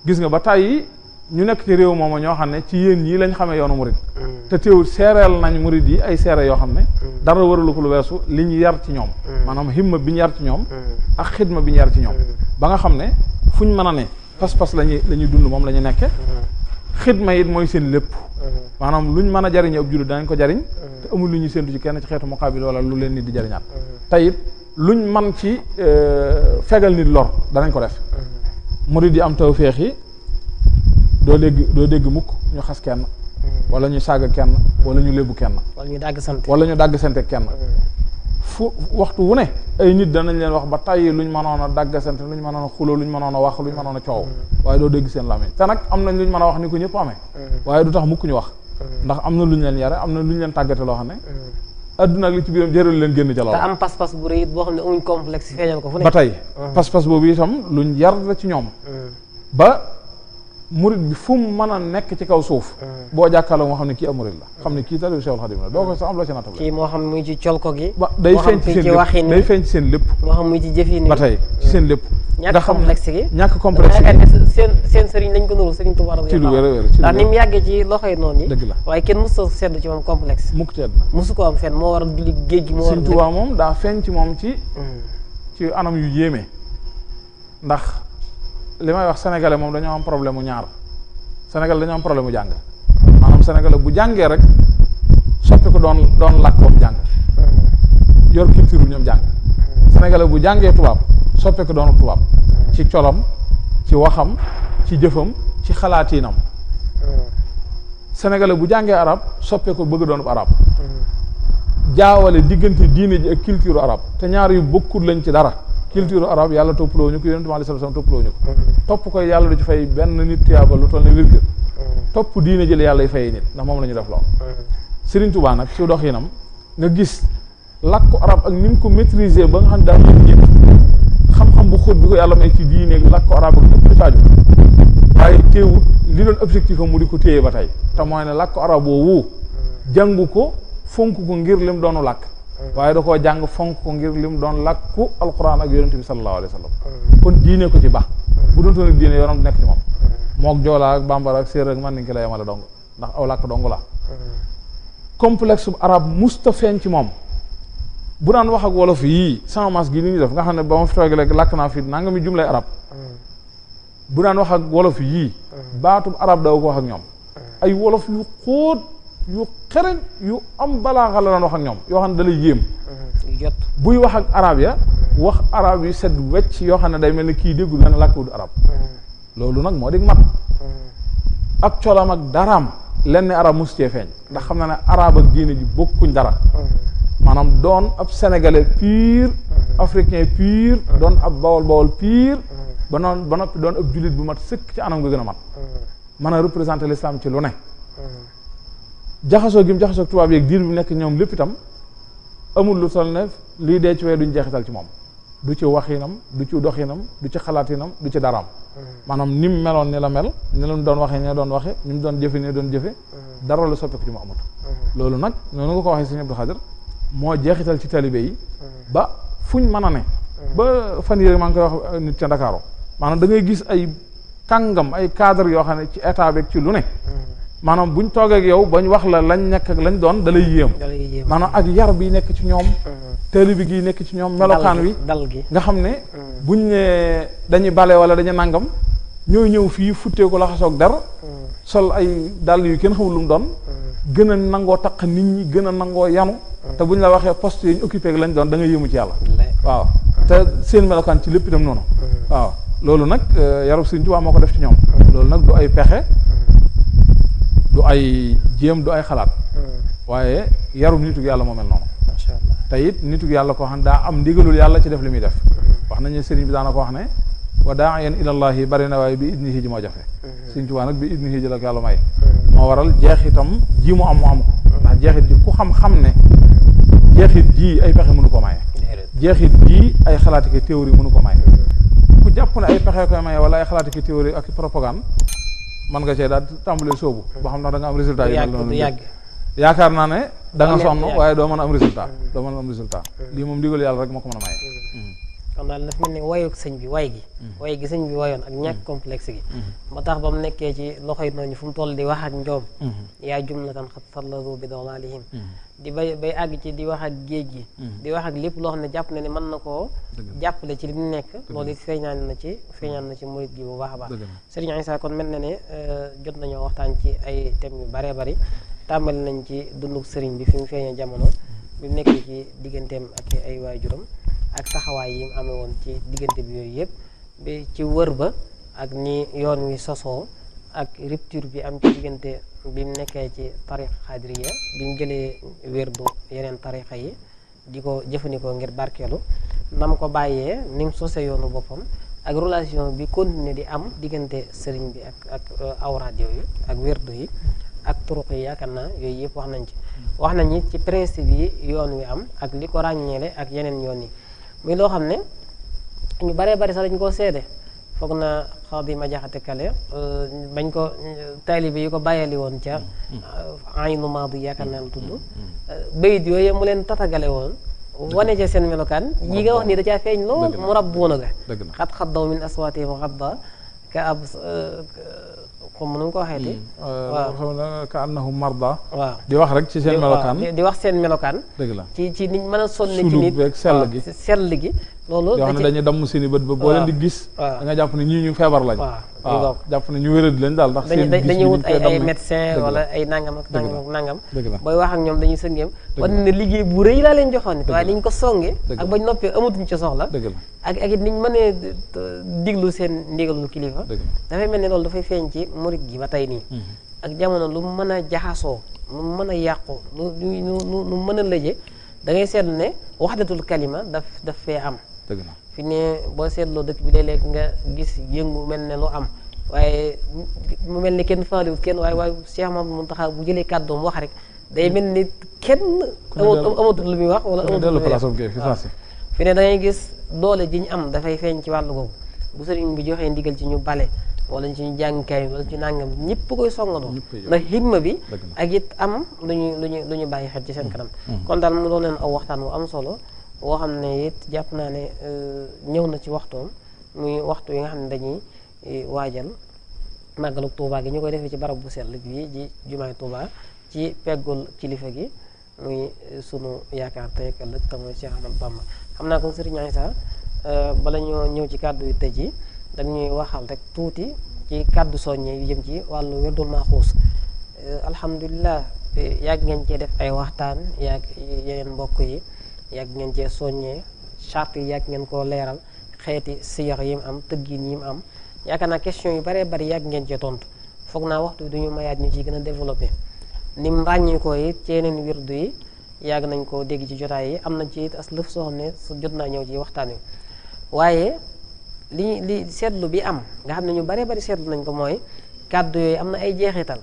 gis nga ba tàyyi ñu nekk ci réew moomu ñoo xam ne ci yéen ñii lañ xamee yoonu murit mm. te teewul seereel nañ murit yi ay seere yoo xam ne mm. dara waralu ko lu weesu li ñu yar ci ñoom mm. maanaam himma bi ñu yar ci ñoom ak xidma bi ñu yar ci ñoom ba nga xam ne fuñ mën a ne pas-pas lañuy la ñuy dund moom la ñu nekke xidma it mooy seen lépp maanaam lu ñu mën a jariñe ab jullit danañ ko jariñ te amul lu ñuy séntu ci kenn ci xeetu muqaabil wala lu leen nit di jariñaat tayit luñ man ci euh, fegal nit lor danañ ko def murit yi am tawféex yi doo dégg doo dégg mukk ñu xas kenn hmm. wala ñu saaga kenn wala ñu lébu kenn wala ñu dàgg sant wala ñu dàgg sante kenn hmm. fu waxtu wu ne ay nit danañ leen wax ba lu luñ mënoon a dàgg sant luñ mënoon a xuloo luñ mënoon a wax luñ mënoon a coow hmm. waaye doo dégg seen làmmiñ te nag am nañ luñ mën a wax ni ñu am na luñ leen yare am na luñ leen tàggate loo xam ne adduna ak li ci biiram jëral leen génn ca loolu te am pas-pas bu rëy boo xam ne yar ci ñoom ba murit fu man mën a nekk ci kaw suuf. Hmm. boo jàkkaarloo moo xam ne kii ab murit la. xam ne kii taalibe Cheikhul ci natt. kii xam muy ci colko gi. day feeñ ci seen lépp day feeñ ci seen lépp. moo xam muy ci jëfin bi ba tey ci hmm. xam complexe gi ñàkk complexe gi eh, eh, eh, seen seen sëriñ lañ ko nuru sëriñ Tuubaa ci lu wér loxo yi noonu yi dëgg waaye kenn mosu seddu ci moom complexe mukk ci àdduna mosu ko am fenn moo waral julli géej gi moo waral daa feeñ ci moom ci hmm. anam yu yéeme ndax li may wax sénégalais moom dañoo am problème mu ñaar sénégal dañoo am problème mu jàng maanaam sénégalais bu jàngee rek soppi ko doon doon làkkoom jàng yor culture bu ñoom jàng sénégalais bu jàngee tubaab soppi ko doon tubaab ci colom ci waxam ci jëfam ci xalaatiinam sénégalais bu jàngee arab soppee ko bëgg doon arab jaawale diggante diine ji ak culture arab te ñaar yu bokkul lañ ci dara culture arabe yàlla toppaloo ñu ko yonent bi alayhi salaam toppaloo ñu ko mm-hmm. topp koy yàlla du ci fay benn nit tuyaaba lu toll ne wirgër mm-hmm. topp diine jël yàlla y fay nit ndax moom la ñu def loo mm-hmm. Serigne Touba nag ci nam nga gis làkku arab ak ni mu ko maîtriser ba nga xam xam-xam bu xóot bi ko yàlla may ci diine làkku arab ak ñëpp lu li doon objectif am mu di ko téye ba tey te mooy ne làkku arab ko fonk ko ngir lim doonu làkk waaye da koo jàng fonk ko ngir lim doon làkku alquran ak yonente bi sallallahu alayhi wa sallam kon diine ko ci baax bu duntoon ak diine yoonam nekk ci moom mook joolaa ak bambara ak séeréer ak man niñ ki la yemale dong ndax aw làkk dong la complexe bu arab musta feeñ ci moom bu daan wax ak wolof yii sama mas gi ni ñu def nga xam ne ba ma fi toogee léegi làkk naa fi nangami jumlay arab bu daan wax ak wolof yii hmm. baatub arab daw ko ñoom hmm. yu xereñ yu am balaaxa la daan wax ak ñoom yoo xam ne dalay lay yéem mm-hmm. buy wax ak arab ya wax arab yu set wecc yoo xam ne day mel ne kii déggul benn làkkwud arab mm-hmm. loolu nag moo dig mat mm-hmm. ak colam ak daraam lenn arab mos feeñ ndax xam na ne arab ak diine ji bokkuñ dara maanaam doon ab sénégalais pur africain pur doon ab bawol bawol pur ba noon ba noppi doon ab jullit bu mat sëkk ci anam nga gën a mat mën a représenter l'islam ci lu ne jaxasoo gi mu jaxasoo tubaab yeeg diir bi nekk ñoom lépp itam amul lu sol ne lii dee ci wee duñ jeexital ci moom du ci waxinam du ci doxinam du ci xalaat yi nam du ci daraam mm-hmm. maanaam ni mu meloon ni la mel ni la doon waxee ni doon waxee ni mu doon jëfe ni doon jëfe mm-hmm. dara lu soppeeku ci mu amut mm-hmm. loolu nag noonu nga ko waxee sëñ Abdou Khadir moo jeexital ci talibe yi ba fuñ mën a ne ba fan yii maa ngi koy wax uh, nit ca Ndakaaru maanaam da ngay gis ay kàngam ay cadre yoo xam ne ci état beeg ci lu ne maanaam buñ toogeek ak yow bañ wax la lañ nekk ak lañ doon dalay yéem maanaam ak yar bi nekk ci ñoom mm. tëli bi gi nekk ci ñoom melokaan wi dal gi nga xam ne mm. buñ ne dañuy bale wala dañu nàngam ñëw ñëw fii futtee ko laxasoog dara mm. sol ay dàll yu kenn xamul lu doon gën a nangoo taq nit ñi gën a nangoo yanu te buñ la waxee post yi ñu lañ doon da nga yéemu ci yàlla waaw te seen melokaan ci lépp dem noonu waaw loolu nag euh, yarub Sëriñ Tuubaa moo ko def ci ñoom loolu nag ay pexe du ay jéem du ay xalaat hmm. waaye yarum nitu yàlla moo mel noonu te it nitu yàlla ko xam ne daa am ndigalul yàlla ci def li muy def hmm. wax nañu sëriñ bi daana ko wax ne wa daayan ilallahi bari na waaye bi idnihi ji moo jafe hmm. sëriñ Tuubaa nag bi idnihi ji la ko yàlla may moo waral jeexitam ji mu am mu am ko ndax jeexit ji xam-xam ne jeexit ji ay pexe mënu ko maye jeexit ji ay xalaati ki théorie mënu ko maye ku jàpp ne ay pexe koy maye wala ay xalaati ki théorie ak propagande man nga cee daal tàmbalee sóobu ba xam ndax da am résultat yi noonu yàgg yaakaar naa ne da nga sonn waaye doo man a am résultat doo mën a am résultat mm. lii moom ndigal yàlla rek moo ko mën a maye mm. kon daal dafa mel ni wayu sëñ bi way gi mm-hmm. way gi sëñ bi wayoon ak ñàkk mm-hmm. complexe gi ba mm-hmm. tax ba mu nekkee ci loxoy nooñu fu mu toll di wax ak njoom yaa jumlatan xat sallaru bi dolalihim di bay bay àgg ci di wax ak géej gi di wax ak lépp loo xam jàpp na ne mën na koo jàppale ci li mu nekk loolu it feeñaan na ci feeñaan na ci murit gi bu baax a baax sëriñ Issa kon mel na ne euh, jot nañoo waxtaan ci ay thèmes yu baree bari tàmbali nañ ci dunduk sëriñ bi fi mu feeñee jamono bi mu nekk ci digganteem ak ay waajuram ak taxawaay yim amé woon ci digënté bi yooyu bi ci wër ba ak ni yoon wi sosoo ak rupture bi am ci digënté bi mu nekkee ci tariqa xaadiriya bi mu jëlee wérdu yeneen tariqa yi di ko ngir barkélu nam ko bayé ni sosé yoonu bopam ak relation bi continue di am digënté sëriñ bi ak ak euh, awrad yooyu ak wérdu yi ak turuq yi yakarna yoy yëpp wax nañ ci wax nañ ci principe bi yoon wi am ak liko ko ràññeele ak yenen yoon yi muy loo xam ne ñu baree bari sax dañu koo seede foog na xaw ma jaxate kale euh, bañ ko taalibe yi ko bàyyali woon ca mm-hmm. euh, aynu maadi yaakaar naa tudd mm-hmm. euh, bayit yooyu mu leen tatagale woon wane ca seen melokaan yi nga wax nii da caa feeñ lool mu rabbuuna ga xat xaddaw min aswaatihim xadda ka ab xaw ma nu ko waxeeti. Hmm. Euh, waaw xaw na ka annahum marda. waaw di wax rek ci seen melokaan di wax seen melokaan. dëgg la ci ci niñ mën a sonne ci nit. sell gi sell gi. loolu yoo xam ne dañuy damm seen i bët ba boo leen di gis da nga jàpp ne ñii ñu feebar lañ waaw jàpp ñu wéradi lañ daal ndax seen ay ay médecin wala nangam ak nangam ak booy wax ak ñoom dañuy sëngeem wan ne liggéey bu rëy laa leen joxoon nit waaye niñ ko songee ak bañ noppee amatuñ ci soxla ak ak it niñ mënee diglu seen ndigalu kilifa dafay mel ne loolu dafay feeñ ci murit gi ba tey nii mm-hmm. ak jamono lu mën a jaxasoo lu mën a yàqu lu lu mën a lëje da ngay seetlu ne waxdatul kalima daf daf fee am dëgg la fi ne boo seetloo dëkk bi léeg-léeg nga gis yëngu mel ne lu am waaye mu mel ni kenn faaliwut kenn waaye waaye Cheikh Mamadou Mountakha bu jëlee kàddoom wax rek day mel nit kenn amatul lu muy wax wala amatul fi ne da gis doole ji ñu am dafay feeñ ci wàllu googu bu sëriñ bi joxee ndigal ci ñu bale wala ci ñu jàng kay wala ci nàngam ñëpp koy songandoo ndax himma bi ak it am lu ñu lu ñu lu ñu bàyyi xel ci seen kanam mm-hmm. kon daal mu doon leen aw waxtaan wu am solo woo xam ne it jàpp naa ne euh, ñëw na ci waxtoom muy waxtu yi nga xam ne dañuy euh, waajal màggalu Touba gi ñu koy defee ci barab bu sell bi ji jumaay Touba ci peggul kilifa gi muy euh, sunu yaakaar tey ak ëllëg tamoo Cheikh Ahmadou Bamba xam naa kon Serigne Aïssa bala ñëw ci kàddu yu tëj yi dañ ñuy waxal rek tuuti ci kàddu soññe yu jëm ci wàllu werdul maaxuus alhamdulilah yàgg ngeen ci def ay waxtaan yàgg yeneen mbokk yi yàgg ngeen cee soññee charte yi yàgg ngeen koo leeral xeeti siyax yi mu am tëggin yi mu am yaakaar naa question yu baree bari yàgg ngeen cee tontu foog naa waxtu du ñu mayaat ñu ci gën a développé ni mu ràññee ko it ci wirdu yi yàgg nañ koo dégg ci jotaay yi am na ci it as lëf soo xam ne jot naa ñëw ci waxtaan wi waaye li li seetlu bi am nga xam ne ñu baree bari seetlu nañ ko mooy kàddu yooyu am na ay jeexital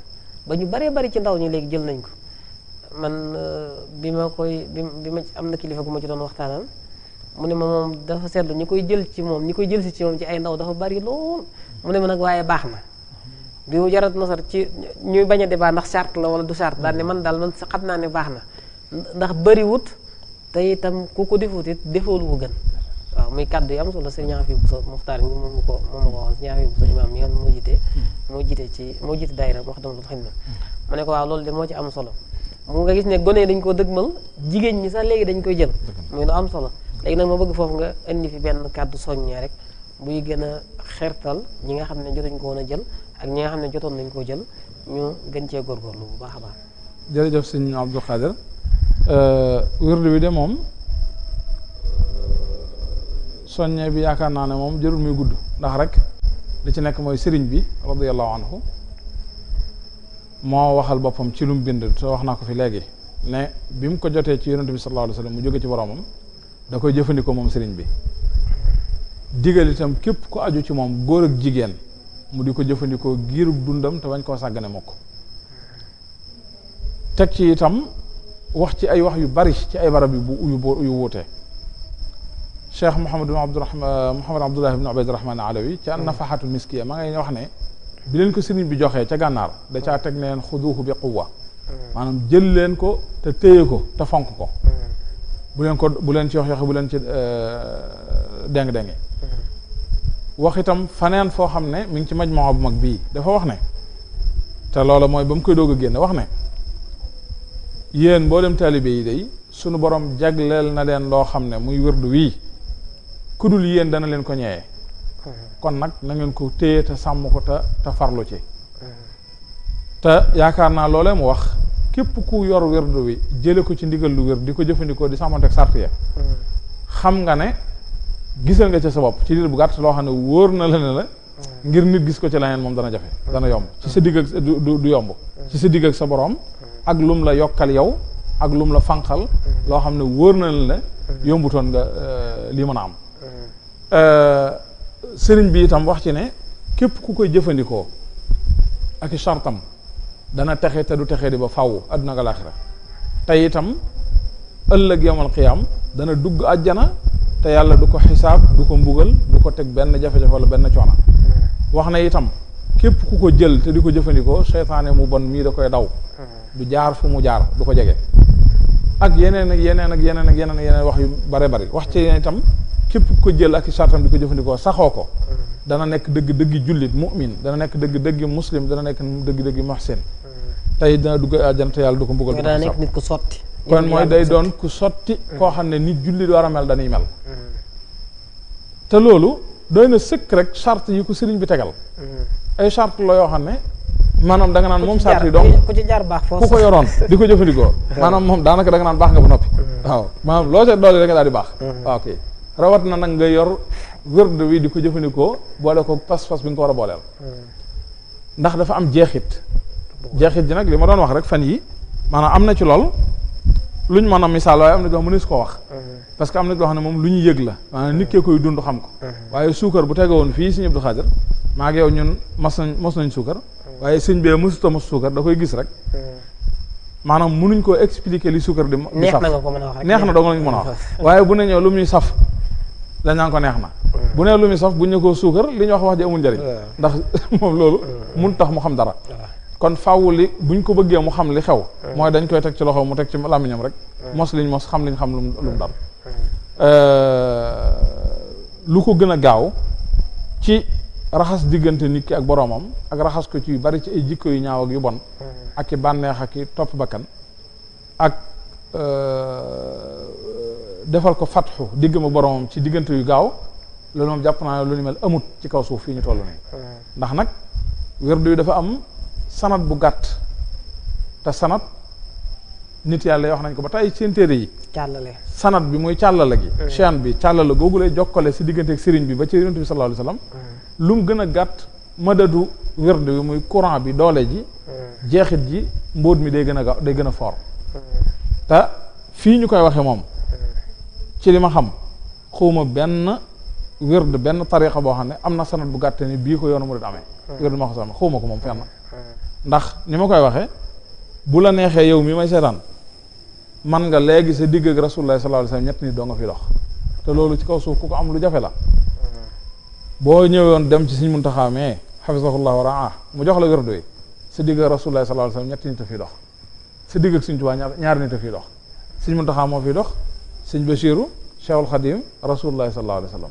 ba ñu baree bari ci ndaw ñi léegi jël nañ ko man euh, bi ma koy bi ma am na kilifa gu ma ci doon waxtaanal mu ne ma moom dafa seetlu ñi koy jël ci moom ñi koy jël si ci moom ci ay ndaw dafa bari lool mu ne ma nag waaye baax na bi mu jarat nasar ci ñuy bañ a débat ndax la wala du charte daal ne man daal man xam naa ne baax na ndax bariwut te itam ku ko defut it defoolu ko gën waaw muy kàddu yi am solo sëñ Ñaafi Buso Muxtaar moo jiite moo jiite ci moo jiite daayira wax dama lu xëy waaw loolu de moo ci am solo moom nga gis ne gone dañ koo dëgmal jigéen ñi sax léegi dañ koy jël muy lu am solo léegi nag ma bëgg foofu nga indi fi benn kàddu soññee rek buy gën a xertal ñi nga xam ne jotuñ ko woon a jël ak ñi nga jotoon nañ koo jël ñu gën cee góorgóorlu bu baax a baax jërëjëf sëñ Abdou Khader euh, wérdu wi de moom soññee bi yaakaar naa ne moom jërul muy gudd ndax rek li ci nekk mooy sëriñ bi radiallahu anhu moo waxal boppam ci lu mu bind te wax naa ko fi léegi ne bi mu ko jotee ci yonent bi sallallahu alayhi wa sallam mu jóge ci boromam da koy jëfandikoo moom sëriñ bi digal itam képp ku aju ci moom góor ak jigéen mu di ko jëfandikoo giirub dundam te bañ koo sàggane mukk teg ci itam wax ci ay wax yu bari ci ay barab yu bu yu wuute cheikh Mouhamad Abdourahman Mouhamad Abdullah ibn Ubayd Rahman Alawi ci an nafahatul miskiya ma ngay wax ne bi leen ko sëriñ bi joxee ca gànnaar da caa teg ne leen xuduuhu bi quwwa maanaam jël leen ko te téye ko te fonk ko bu leen ko bu leen ci yox yoxe bu leen ci euh, deng-dengi wax itam faneen foo xam ne mi ngi ci majmaa bu mag bii dafa wax ne te loolo mooy ba mu koy doog a génn wax ne yéen mboolem taalibe yi day sunu borom jagleel na leen loo xam ne muy wërdu wii kudul yéen dana leen ko ñëwee kon nag na ngeen ko téye te sàmm ko te te farlu ci mm-hmm. te yaakaar naa loole mu wax képp ku yor werdu wi jële ko ci ndigal lu wér di ko jëfandikoo di sàmmante ak sart ya mm-hmm. xam nga ne gisal nga ca sa bopp ci diir bu gàtt loo xam ne wóor na la la mm-hmm. ngir nit gis ko ci leneen moom dana jafe dana yomb ci sa digg ak du yomb ci sa digg ak sa borom ak lum la yokkal yow ak lum la fanqal loo xam ne wóor na la ne yombutoon nga euh, lii mën a am euh, sëriñ bi itam wax ci ne képp ku koy jëfandikoo ak i sartam dana texe te du texe di ba faw àdduna ak alaaxira te itam ëllëg yomal xiyaam dana dugg àjjana te yàlla du ko xisaab du ko mbugal du ko teg benn jafe-jafe wala benn coona wax na itam képp ku ko jël te di ko jëfandikoo seytaane mu bon mii da koy daw du jaar fu mu jaar du ko jege ak yeneen ak yeneen ak yeneen ak yeneen yeneen wax yu bare bari wax ci itam képp ko jël ak sartam di ko jëfandikoo saxoo ko mm-hmm. dana nekk dëgg dëgg jullit mu'min dana nekk dëgg dëgg muslim dana nekk dëgg dëgg muhsin mm-hmm. tey dana dugg àjjana te yàlla du ko mbugal dana ko nit ku sotti day doon ku sotti mm-hmm. koo xam ne nit jullit war a mel dañuy te loolu doy na sëkk rek charte yi ko sëriñ bi tegal ay charte la yoo xam ne maanaam da nga naan moom charte yi donc ku ci jaar ku ko yoroon di ko jëfandikoo maanaam moom daanaka da nga naan baax nga bu noppi waaw maanaam loo seet doole da nga daal di baax ah, rawat na nak nga yor wird wi di ko jëfandikoo boole ko pas-pas bi nga ko war hmm. ndax dafa am jeexit jeexit ji nak li ma doon wax rek fan yi manam am na ci lol luñ mëna misal way amna do mëna doo xam wax hmm. parce que amna na doo mom luñu yegg la manam nit ke koy dund xam ko hmm. waye sukar bu tege Abdou Khadir ma ak yow ñun mas nañ mos nañ da koy gis rek manam mënuñ ko expliquer li sukar di rek neex na do nga mëna wax waye bu na ñew lu muy saf dañ ko neex na bu nee lu muy saf bu ñu ko suukar li ñu wax wax ji amul njëriñ ndax moom loolu mun tax mu xam dara kon faaw li bu ñu ko bëggee mu xam li xew mooy dañ koy teg ci loxo mu teg ci làmmiñam rek mos liñ mos xam liñ xam lu mu dal euh, lu ko gën a gaaw ci raxas diggante nit ki ak boroomam ak raxas ko ci bari ci ay jikko yu ñaaw ak yu bon ak i bànneex ak i topp bakkan ak euh, defal ko fatxu digg ma boromam ci diggante yu gaaw loolu moom jàpp naa ne lu ni mel amut ci kaw suuf fii ñu toll nii. Hmm. ndax nag werdu yi dafa am sanat bu gàtt te sanat nit yàlla wax nañ ko ba tey seen téere yi. càllale sanat bi mooy càllale gi. Hmm. chaîne bi càllale googu lay jokkale si digganteeg sëriñ bi ba ci yonent bi sallallahu alayhi wasallam. Hmm. lu mu gën a gàtt madadu werdu bi muy courant bi doole ji. jeexit ji mbóot mi day gën a gaaw day gën a fort. te fii ñu koy waxee moom. ci li ma xam xuma ben wérd ben tariqa bo xamne amna sanad bu gatte ni bi ko yoonu murid amee wérd ma ko xuma ko mom fenn ndax ni ma koy waxe bu la neexee yow mi may setan man nga legi sa digg ak rasulullah sallallahu Alaihi wasallam ñet ni do nga fi dox te lolu ci kaw suuf ku ko am lu jafé la boo dem ci seigne muntaha me hafizahullahu raa mu jox la sa digg rasulullah sallallahu Alaihi wasallam ñet ni te fi dox sa digg ak seigne tuba ñaar ni te fi dox seigne muntaha mo fi dox سيدي بشيرو شاول الخديم رسول الله صلى الله عليه وسلم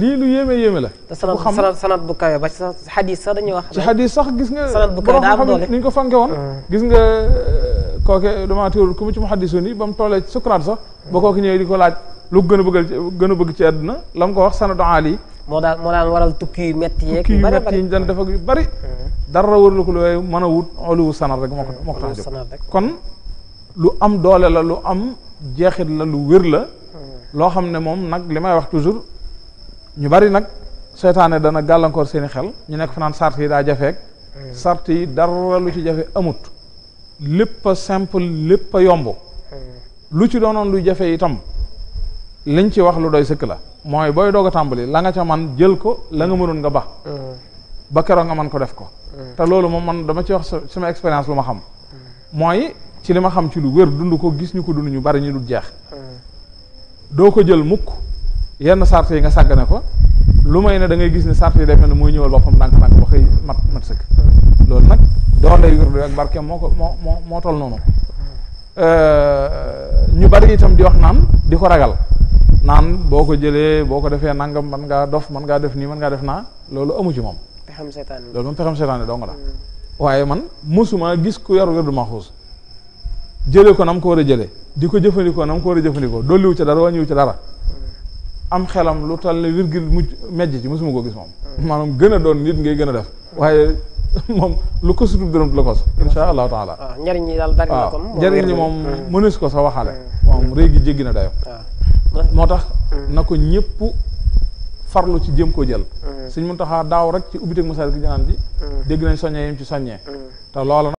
لي لو يمه يمه لا سلام سلام سلام حديث دا نيو واخ حديث صح غيسنا سند سلام دا عبد الله نينكو فانكي وون غيسنا كوكي دوما تيول كومي تي محدثوني بام تولي سكرات صح بوكوكي نيو ديكو لاج لو غن بوغل غن بوغ تي ادنا لام كو واخ سند علي مو دا مو دان وارال توكي متي ياك بري بري تي ندان دافا بري دار وور لوكو لوي مانا وود اولو سند رك مكو مكو تاجو كون لو ام دوله لا لو ام jeexit la lu wér la hmm. loo xam ne moom nag li may wax toujours ñu bari nag seytaane dana gàllankoor seeni xel ñu nekk fanaan sart yi daa jafeek hmm. sart yi dara lu ci jafe amut lépp a simple lépp yomb hmm. lu ci doonoon lu jafe itam liñ ci wax lu doy sëkk la mooy booy doog tàmbali la nga ca man jël ko la nga mënoon nga ba ba keroog nga man ko def ko te loolu moom man dama ci wax sama expérience lu ma xam mooy ci lima xam ci lu wër dund ko gis ñu ko dund ñu bari ñu dul jeex hmm. do ko jël mukk yenn sart nga sàggane ko lu may ne da ngay gis ne sart def na moy ñëwal bopam dank dank ba xëy mat mat sëkk hmm. lool nak do lay wër ak barkeem moko mo mo tol nonu hmm. euh ñu bari itam di wax naan di ko ragal naan boko jëlé boko défé nangam man nga dof man nga def ni man nga def na loolu amu ci moom. xam seetaan loolu xam pexam do nga la. waye man musuma gis ku yar wër du maxuus jëlee ko na mu ko war a jëlee di ko jëfandikoo na mu ko war a jëfandikoo dolliwu ca dara wàññiwu ca dara am xelam lu tal ne virgule mujj mejj ci mosuma ko gis moom maanaam gën doon nit ngay gën a def waaye moom lu ko sutub dërëm la kos insha allahu taala ah, njëriñ ñi daal bari na ah, ko njëriñ ñi moom hmm. mënees ko sa waxale hmm. moom réegi jéggi na dayo ah. moo tax hmm. na ko ñëpp farlu ci jëm koo jël suñ mun taxaa daaw rek ci ubbi teg masaal gi janaan ji dégg nañ soññee yim ci soññee te loola